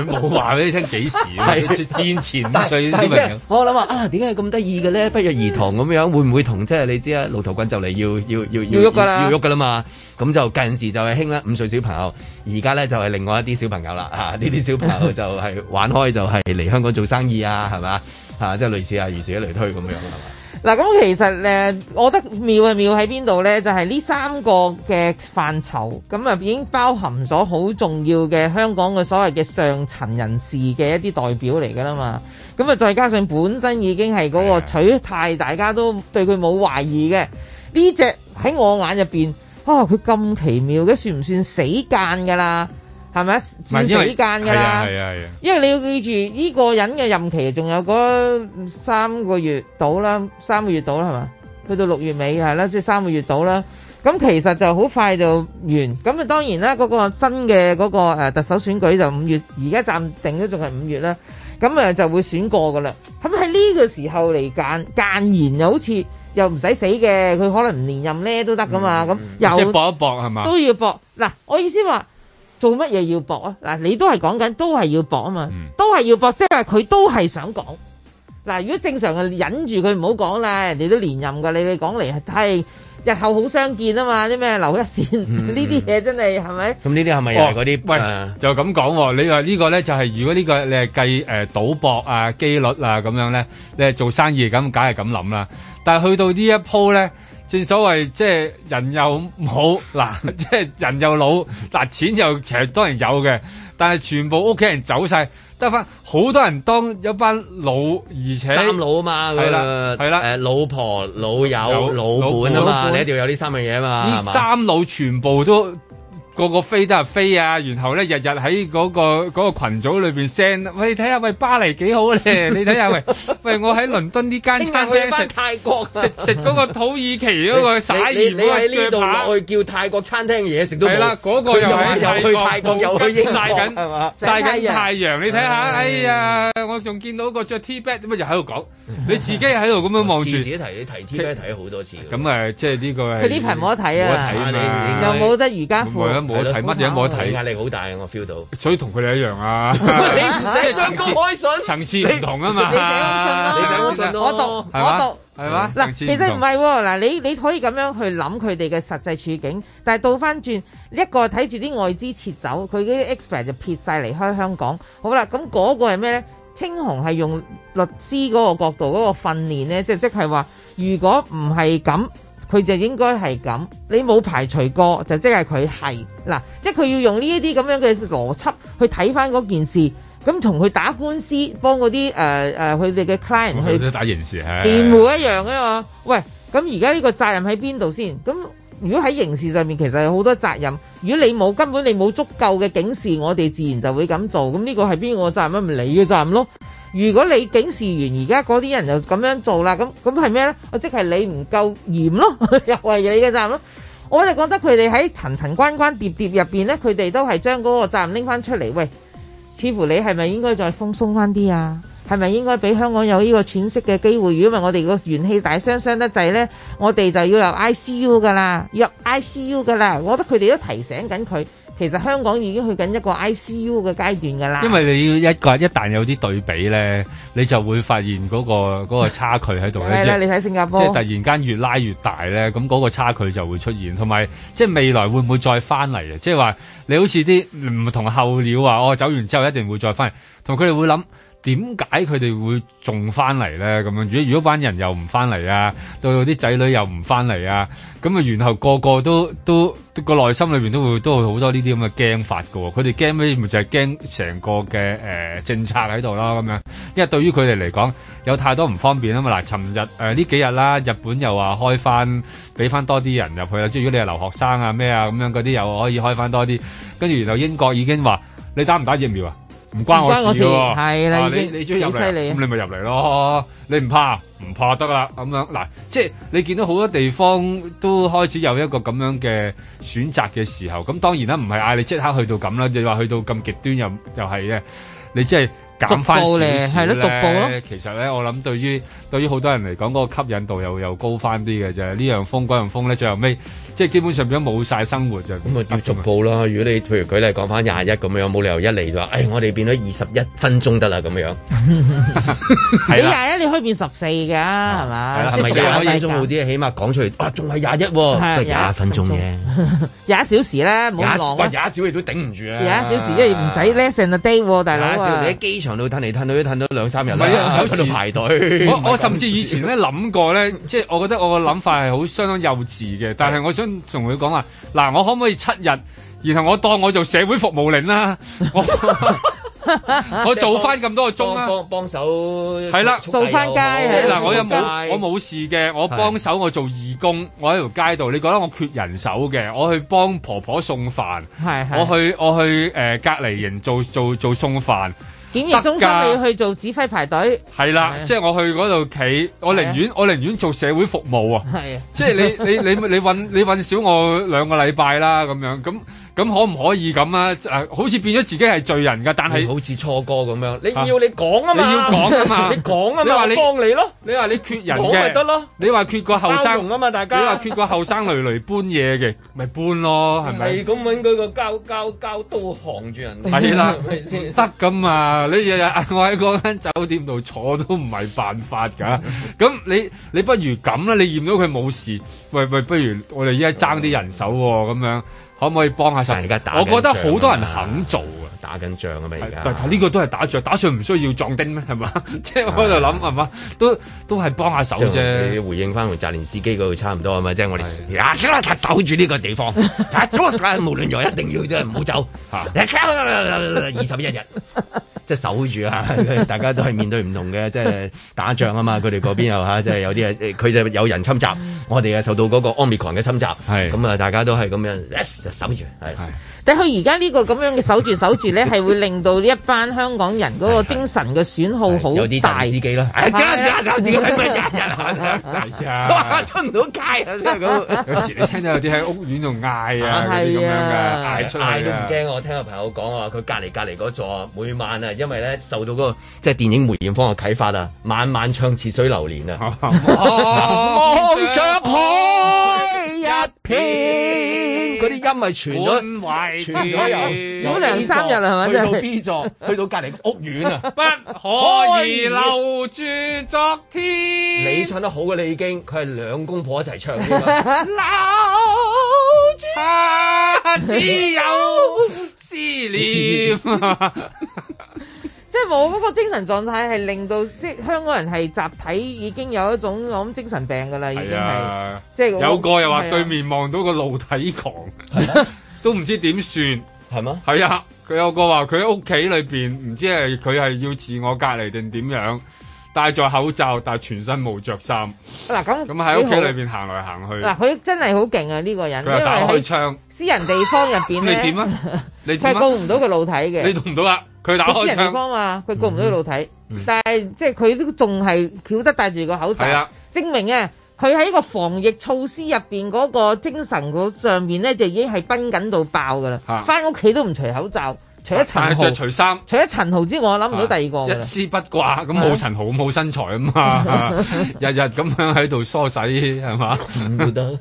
佢冇話俾你聽幾時？係 戰前五歲小朋友。我諗話啊，點解咁得意嘅咧？不約而同咁樣，會唔會同即係你知啊？路途君就嚟要要要要喐㗎啦，要喐㗎啦嘛。咁就近時就係興啦，五歲小朋友而家咧就係另外一啲小朋友啦。啊，呢啲小朋友就係、是、 玩開就係嚟香港做生意啊，係嘛？嚇、啊，即、就、係、是、類似啊，如是一嚟推咁樣係嘛？ 嗱，咁其實咧，我覺得妙係妙喺邊度呢？就係呢三個嘅範疇，咁啊已經包含咗好重要嘅香港嘅所謂嘅上層人士嘅一啲代表嚟噶啦嘛。咁啊，再加上本身已經係嗰個取態，大家都對佢冇懷疑嘅，呢隻喺我眼入面，啊，佢咁奇妙嘅，算唔算死間噶啦？係咪啊？遲咗時間噶啦，因為你要記住呢個人嘅任期仲有嗰三個月到啦，三個月到啦，係嘛？去到六月尾係啦，即係三個月到啦。咁其實就好快就完咁啊。當然啦，嗰個新嘅嗰個誒特首選舉就五月，而家暫定都仲係五月啦。咁誒就會選過噶啦。咁喺呢個時候嚟間間言又好似又唔使死嘅，佢可能唔連任咧都得噶嘛。咁又即係搏一搏係嘛？都要搏嗱，我意思話。做乜嘢要搏啊？嗱，你都係講緊，都係要搏啊嘛，都係要搏，即係佢都係想講。嗱，如果正常係忍住佢唔好講啦，你都連任噶，你你講嚟，係日後好相見啊嘛，啲咩留一線呢啲嘢真係，係咪？咁呢啲係咪又係嗰啲？喂，就咁講，你話呢個咧就係如果呢個你係計誒賭博啊機率啊咁樣咧，你係做生意咁，梗係咁諗啦。但係去到呢一鋪咧。正所謂即係人又唔好嗱，即係人又老嗱，錢又其實當然有嘅，但係全部屋企人走晒，得翻好多人當一班老，而且三老啊嘛，係啦，係啦，誒老婆、老友、老本啊嘛，嘛，你一定要有呢三樣嘢嘛，呢三老全部都。個個飛都係飛啊，然後咧日日喺嗰個嗰個羣組裏邊 send，喂，你睇下喂巴黎幾好咧，你睇下喂 喂我喺倫敦呢間餐廳泰國 食泰食嗰個土耳其嗰、嗰個撒熱你喺呢度落去叫泰國餐廳嘢食到係啦，嗰、嗰個又，又，又去泰國又去英國，去國曬緊係緊太陽，太陽太陽啊、你睇下、啊、哎呀，啊、我仲見到個着 T 恤咁啊，又喺度講， 你自己喺度咁樣望住，自己提你提 T 恤睇好多次嘅。咁 啊，即係呢個佢呢排冇得睇啊，睇有冇得瑜伽褲？嗯嗯嗯嗯我睇乜嘢我睇，壓力好大我 feel 到，所以同佢哋一樣啊。即係層次你，層次唔同啊嘛你寫信啊嘛、啊。我讀，啊、我讀，係嘛？嗱，其實唔係喎。嗱，你你可以咁樣去諗佢哋嘅實際處境，但係倒翻轉一個睇住啲外資撤走，佢啲 expert 就撇晒離開香港。好啦，咁嗰個係咩咧？青紅係用律師嗰個角度嗰、嗰個訓練咧，即係即係話，如果唔係咁。佢就應該係咁，你冇排除過，就即係佢係嗱，即係佢要用呢一啲咁樣嘅邏輯去睇翻嗰件事，咁同佢打官司幫嗰啲誒誒佢哋嘅 client、嗯、去打刑事係，辯護、哎、冇一樣嘅嘛、啊。喂，咁而家呢個責任喺邊度先？咁如果喺刑事上面其實有好多責任，如果你冇，根本你冇足夠嘅警示，我哋自然就會咁做。咁呢個係邊個責任？唔理嘅責任咯。如果你警示完，而家嗰啲人就咁樣做啦，咁咁係咩呢？我即係你唔夠嚴咯，又係你嘅責任咯。我就覺得佢哋喺層層關關疊疊入邊，呢佢哋都係將嗰個責任拎翻出嚟。喂，似乎你係咪應該再放鬆翻啲啊？係咪應該俾香港有呢個喘息嘅機會？如果唔係，我哋個元氣大傷傷得滯呢，我哋就要入 I C U 噶啦，要入 I C U 噶啦。我覺得佢哋都提醒緊佢。其實香港已經去緊一個 ICU 嘅階段㗎啦。因為你要一個一旦有啲對比咧，你就會發現嗰、那個嗰、那個、差距喺度咧。係、 就是、你睇新加坡，即、就、係、是、突然間越拉越大咧，咁、那、嗰個差距就會出現。同埋即係未來會唔會再翻嚟啊？即係話你好似啲唔同候鳥啊，我、哦、走完之後一定會再翻嚟。同佢哋會諗。點解佢哋會仲翻嚟咧？咁樣如果如果班人又唔翻嚟啊，到有啲仔女又唔翻嚟啊，咁啊，然後個個都都個內心裏面都會都會好多呢啲咁嘅驚法噶喎。佢哋驚咩？咪就係驚成個嘅誒政策喺度囉。咁樣，因為對於佢哋嚟講，有太多唔方便啊嘛。嗱，尋日誒呢幾日啦，日本又話開翻俾翻多啲人入去啊。即係如果你係留學生啊咩啊咁樣嗰啲又可以開翻多啲。跟住然後英國已經話你打唔打疫苗啊？唔關我事喎，係啦，你你最咁你咪入嚟咯。你唔怕，唔怕得啦。咁樣嗱，即係你見到好多地方都開始有一個咁樣嘅選擇嘅時候，咁當然啦，唔係嗌你即刻去到咁啦，你話去到咁極端又又係嘅，你即係減翻少少逐步咧。其實咧，我諗對於對於好多人嚟講，嗰，那個吸引度又又高翻啲嘅啫。呢樣風嗰樣風咧，最後尾。即係基本上變咗冇晒生活就咁啊，要逐步啦。如果你譬如佢哋講翻廿一咁樣，冇理由一嚟就話，誒、哎、我哋變咗二十一分鐘得啦咁樣。 你廿一你可以變十四噶係嘛？廿分鐘好啲，起碼講出嚟啊，仲係廿一，都廿一分鐘啫。廿一 小時啦，冇錯、啊。廿、啊、一小時都頂唔住啊！廿、啊、一、啊、小時，因為唔使 less and day，大佬啊，喺、啊啊啊、機場度褪嚟褪去，都褪到兩三日。喺度、啊啊、排隊我，我甚至以前咧諗過咧，即 係我覺得我個諗法係好相當幼稚嘅，但係我想。同佢講話嗱，我可唔可以七日，然後我當我做社會服務令啦、啊，我 我做翻咁多個鐘啦、啊，幫手係啦，掃翻街，即係嗱，我冇我冇事嘅，我幫手我做義工，我喺條街度，你覺得我缺人手嘅，我去幫婆婆送飯，我去我去誒、呃、隔籬營做做做送飯。檢疫中心你要去做指揮排隊，係啦，即係我去嗰度企，我寧願我寧願做社會服務啊，係啊，即係你 你你你搵你搵少我兩個禮拜啦咁樣咁。咁可唔可以咁啊？誒、呃，好似變咗自己係罪人噶，但係好似錯哥咁樣，你要你講啊你講嘛， 你講嘛，你要講啊嘛，你講啊嘛，你話你幫你咯，你話你缺人嘅，咪得咯，你話缺個後生，啊嘛，大家、啊、你話缺個後生， 累嚟搬嘢嘅咪搬咯，係咪？係咁揾佢個交交交都行住人，係啦，得咁啊？你日日我喺嗰間酒店度坐都唔係辦法噶。咁 你你不如咁啦，你驗到佢冇事，喂喂，不如我哋依家爭啲人手喎、哦，咁樣。可唔可以幫下手？我覺得好多人肯做啊！打緊仗啊嘛而家，但係呢個都係打仗，打仗唔需要壯丁咩？係嘛，即 係我喺度諗係嘛，都都係幫下手啫。你回應翻回澤連斯基嗰度差唔多啊嘛，即係我哋啊，守住呢個地方，啊， 無論如何一定要都係唔好走，嚇、 啊，二十一日 即係守住嚇。大家都係面對唔同嘅，即係打仗啊嘛。佢哋嗰邊又吓，即係有啲誒，佢就有人侵襲，我哋又受到嗰個奧密克戎嘅侵襲，咁啊，大家都係咁樣 l、yes, 守住，係。但佢而家呢個咁樣嘅守住守住咧，係會令到呢一班香港人嗰個精神嘅損耗好大。 係係有啲大自己啦，隻眼揸手指，唔係揸人係啊，出唔到街啊，咁、這個。 有時你聽到有啲喺屋苑度嗌啊，咁、 啊、樣嗌出嚟。嗌都唔驚，我聽個朋友講啊，佢隔離隔離嗰座，每晚啊，因為咧受到嗰、嗰個即係電影梅艷芳嘅啟發啊，晚晚唱《似水流年》啊。哦因為傳咗圍，傳咗有有兩三日係咪去到 B 座、嗯，去到隔籬屋苑啊，不可以留住昨天。你唱得好嘅、啊，你已經佢係兩公婆一齊唱添啊！留住、啊、只有思念。 冇、那、嗰個精神狀態係令到即係香港人係集體已經有一種我諗精神病㗎啦，已經係、啊、即、那個、有個又話、啊、對面望到個露體狂，都唔知點算係咪？係啊，佢有個話佢喺屋企裏面，唔知係佢係要自我隔離定點樣，戴咗口罩但全身冇着衫。嗱咁咁喺屋企裏面行來行去嗱，佢、啊、真係好勁啊呢、呢個人，槍因大開窗私人地方入邊， 你點啊？你係告唔到佢露體嘅，你讀唔到啦。佢打私人地方嘛，佢過唔到去度睇，但係即係佢都仲係曉得戴住個口罩，證明啊，佢喺一個防疫措施入邊嗰個精神個上面咧，就已經係繃緊到爆噶啦，翻屋企都唔除口罩。除咗陳豪，除衫、啊、除除咗陳豪之外，我諗唔到第二個。一絲不掛咁，冇陳、啊、豪，冇身材啊嘛， 日日咁樣喺度梳洗，係 嘛？唔得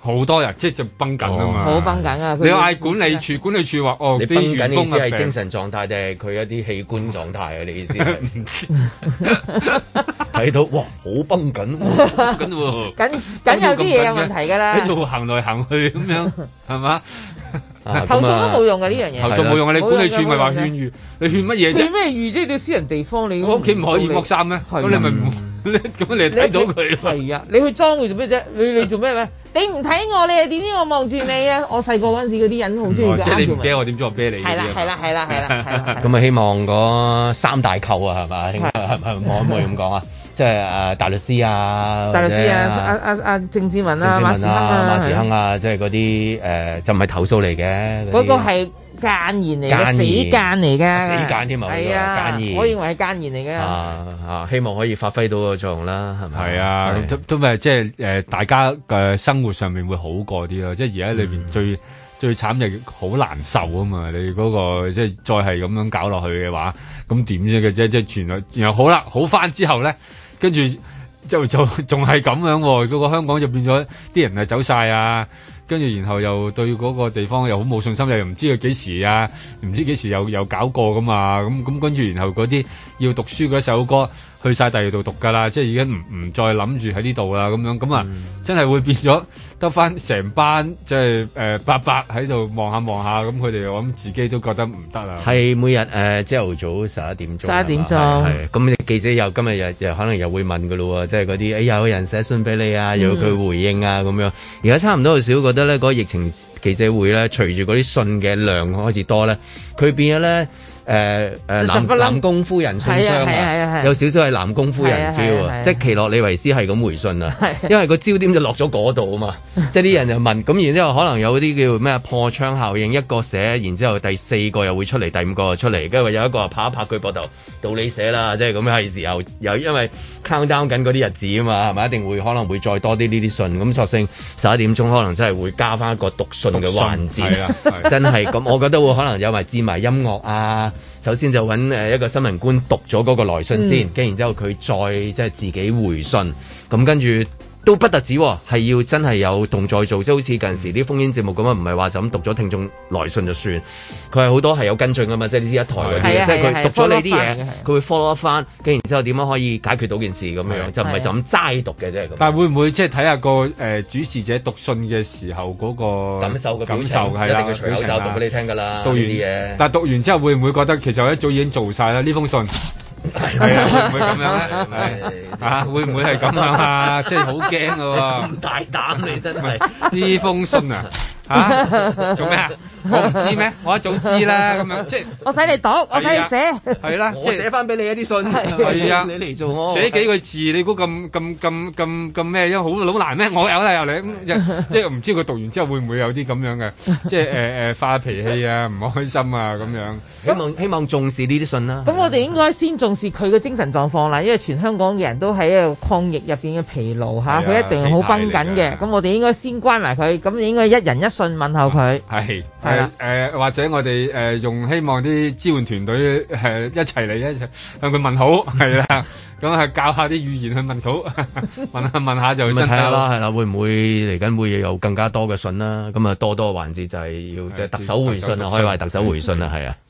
好多人即係就繃緊啊嘛，好繃緊啊！你嗌管理處，管理處話哦，你繃緊嘅意思，係精神狀態定係佢一啲器官狀態啊？你意思睇到哇，好繃緊，緊喎，緊緊有啲嘢有問題噶啦，喺度行來行去咁樣，係嘛？ 投、啊、訴都冇用噶呢樣嘢，投訴冇用啊！你管理處咪話勸喻，你勸乜嘢啫？勸咩預啫？你私人地方，你屋企唔可以剝衫咩？咁你咪唔，咁你睇到佢係啊，你去裝佢做咩啫？你你做咩咩？你唔睇我，你又點知我望住你、 嗯、啊！你我細個嗰陣時嗰啲人都好中意噶，即係你唔驚我點裝我啤你。係啦係啦係啦係啦，咁啊希望嗰三大扣啊，係嘛？係咪可唔可以咁講啊？ 即係啊，大律師啊，大律師啊，阿阿阿鄭志文啊，文啊馬時亨馬時亨啊，即係嗰啲誒，就唔、是、係、呃、投訴嚟嘅。嗰、那個係奸言嚟嘅，死奸嚟嘅，死奸添啊，係啊、那個，奸言。我認為係奸言嚟嘅。希望可以發揮到個作用啦，係咪？係啊，都都咪即係誒，大家嘅生活上面會好過啲咯。即係而家裏邊最、嗯、最慘就好難受啊嘛！你嗰、那個即係、就是、再係咁樣搞落去嘅話，咁點先嘅啫？即係全然後好啦，好翻之後咧。跟住就就仲係咁樣、哦，嗰、個香港就變咗啲人啊走晒啊，跟住然後又對嗰個地方又好冇信心，又唔知佢幾時啊，唔知幾時又又搞過㗎嘛。咁咁跟住然後嗰啲。要讀書嗰首歌，去晒第二度讀噶啦，即係已經唔唔再諗住喺呢度啦，咁樣咁啊、嗯，真係會變咗得翻成班，即係誒伯伯喺度望下望下，咁佢哋我諗自己都覺得唔得啦。係每日誒朝頭早十一點鐘。十一點鐘係。咁記者又今日又又可能又會問噶咯，即係嗰啲誒有人寫信俾你啊，要佢回應啊，咁、嗯、樣。而家差唔多少覺得咧，嗰、那個疫情記者會咧，隨住嗰啲信嘅量開始多咧，佢變咗咧。誒、呃、誒，南南宮夫人信箱啊，啊，啊，啊，有少少係南宮夫人 feel 啊，啊，啊，即係奇洛李維斯係咁回信啊，啊，因為個焦點就落咗嗰度啊嘛，啊即係啲人就問，咁然之後可能有啲叫咩破窗效應、啊，一個寫，然之後第四個又會出嚟，第五個又出嚟，跟住有一個拍一拍佢膊頭，到你寫啦，即係咁係時候又因為 countdown 緊嗰啲日子啊嘛，係咪一定會可能會再多啲呢啲信？咁索性十一點鐘可能真係會加翻一個讀信嘅環節，啊啊、真係咁， 我覺得會可能有埋置埋音樂啊。首先就揾誒一個新聞官讀咗嗰個來信先，跟、嗯、然之後佢再即係、就是、自己回信，咁跟住。都不特止喎、哦，係要真係有動作做，即係好似近時啲烽煙節目咁啊，唔係話就咁讀咗聽眾來信就算，佢係好多係有跟進噶嘛，即係呢啲一台嗰啲，即係佢讀咗你啲嘢，佢會 follow 翻，跟然之後點樣可以解決到件事咁樣，就唔係就咁齋讀嘅啫。但係會唔會即係睇下個、呃、主持者讀信嘅時候嗰個感受嘅感受係一定要隨口就讀俾你聽㗎啦，都要啲嘢。但讀完之後會唔會覺得其實我一早已經做晒啦呢封信？ 係、 哎呀 哎、 啊， 會唔會咁樣咧？ 啊，會唔會係咁樣啊？即係好驚噶喎！咁大膽你真係唔係呢封信啊！ 吓做咩啊？什麼我唔知咩，我一早知啦。咁樣即係我使你讀，啊、我使你寫，係啦、啊啊，即係寫翻俾你一啲信。係啊，啊，你嚟做我寫幾個字，啊、你估咁咁咁咁咁咩？因為好老難咩？我有啦有啦， 即係唔知佢讀完之後會唔會有啲咁樣嘅， 即係誒誒發脾氣啊，唔、啊、開心啊咁樣。希望希望重視呢啲信啦、啊。咁我哋應該先重視佢嘅精神狀況啦、啊，因為全香港嘅人都喺一個抗疫入邊嘅疲勞吓，佢、啊啊、一定係好繃緊嘅。咁我哋應該先關埋佢，咁你應該一人一。信問候佢，係係誒，或者我哋誒、呃、用希望啲支援團隊誒、呃、一齊嚟一齊向佢問好，係啦，咁 係教下啲語言去問好，問下問下 就咁睇下啦，係啦，會唔會嚟緊會有更加多嘅信啦、啊？咁啊多多環節就係要即係特首回信啊，可以話特首回信啊，係啊。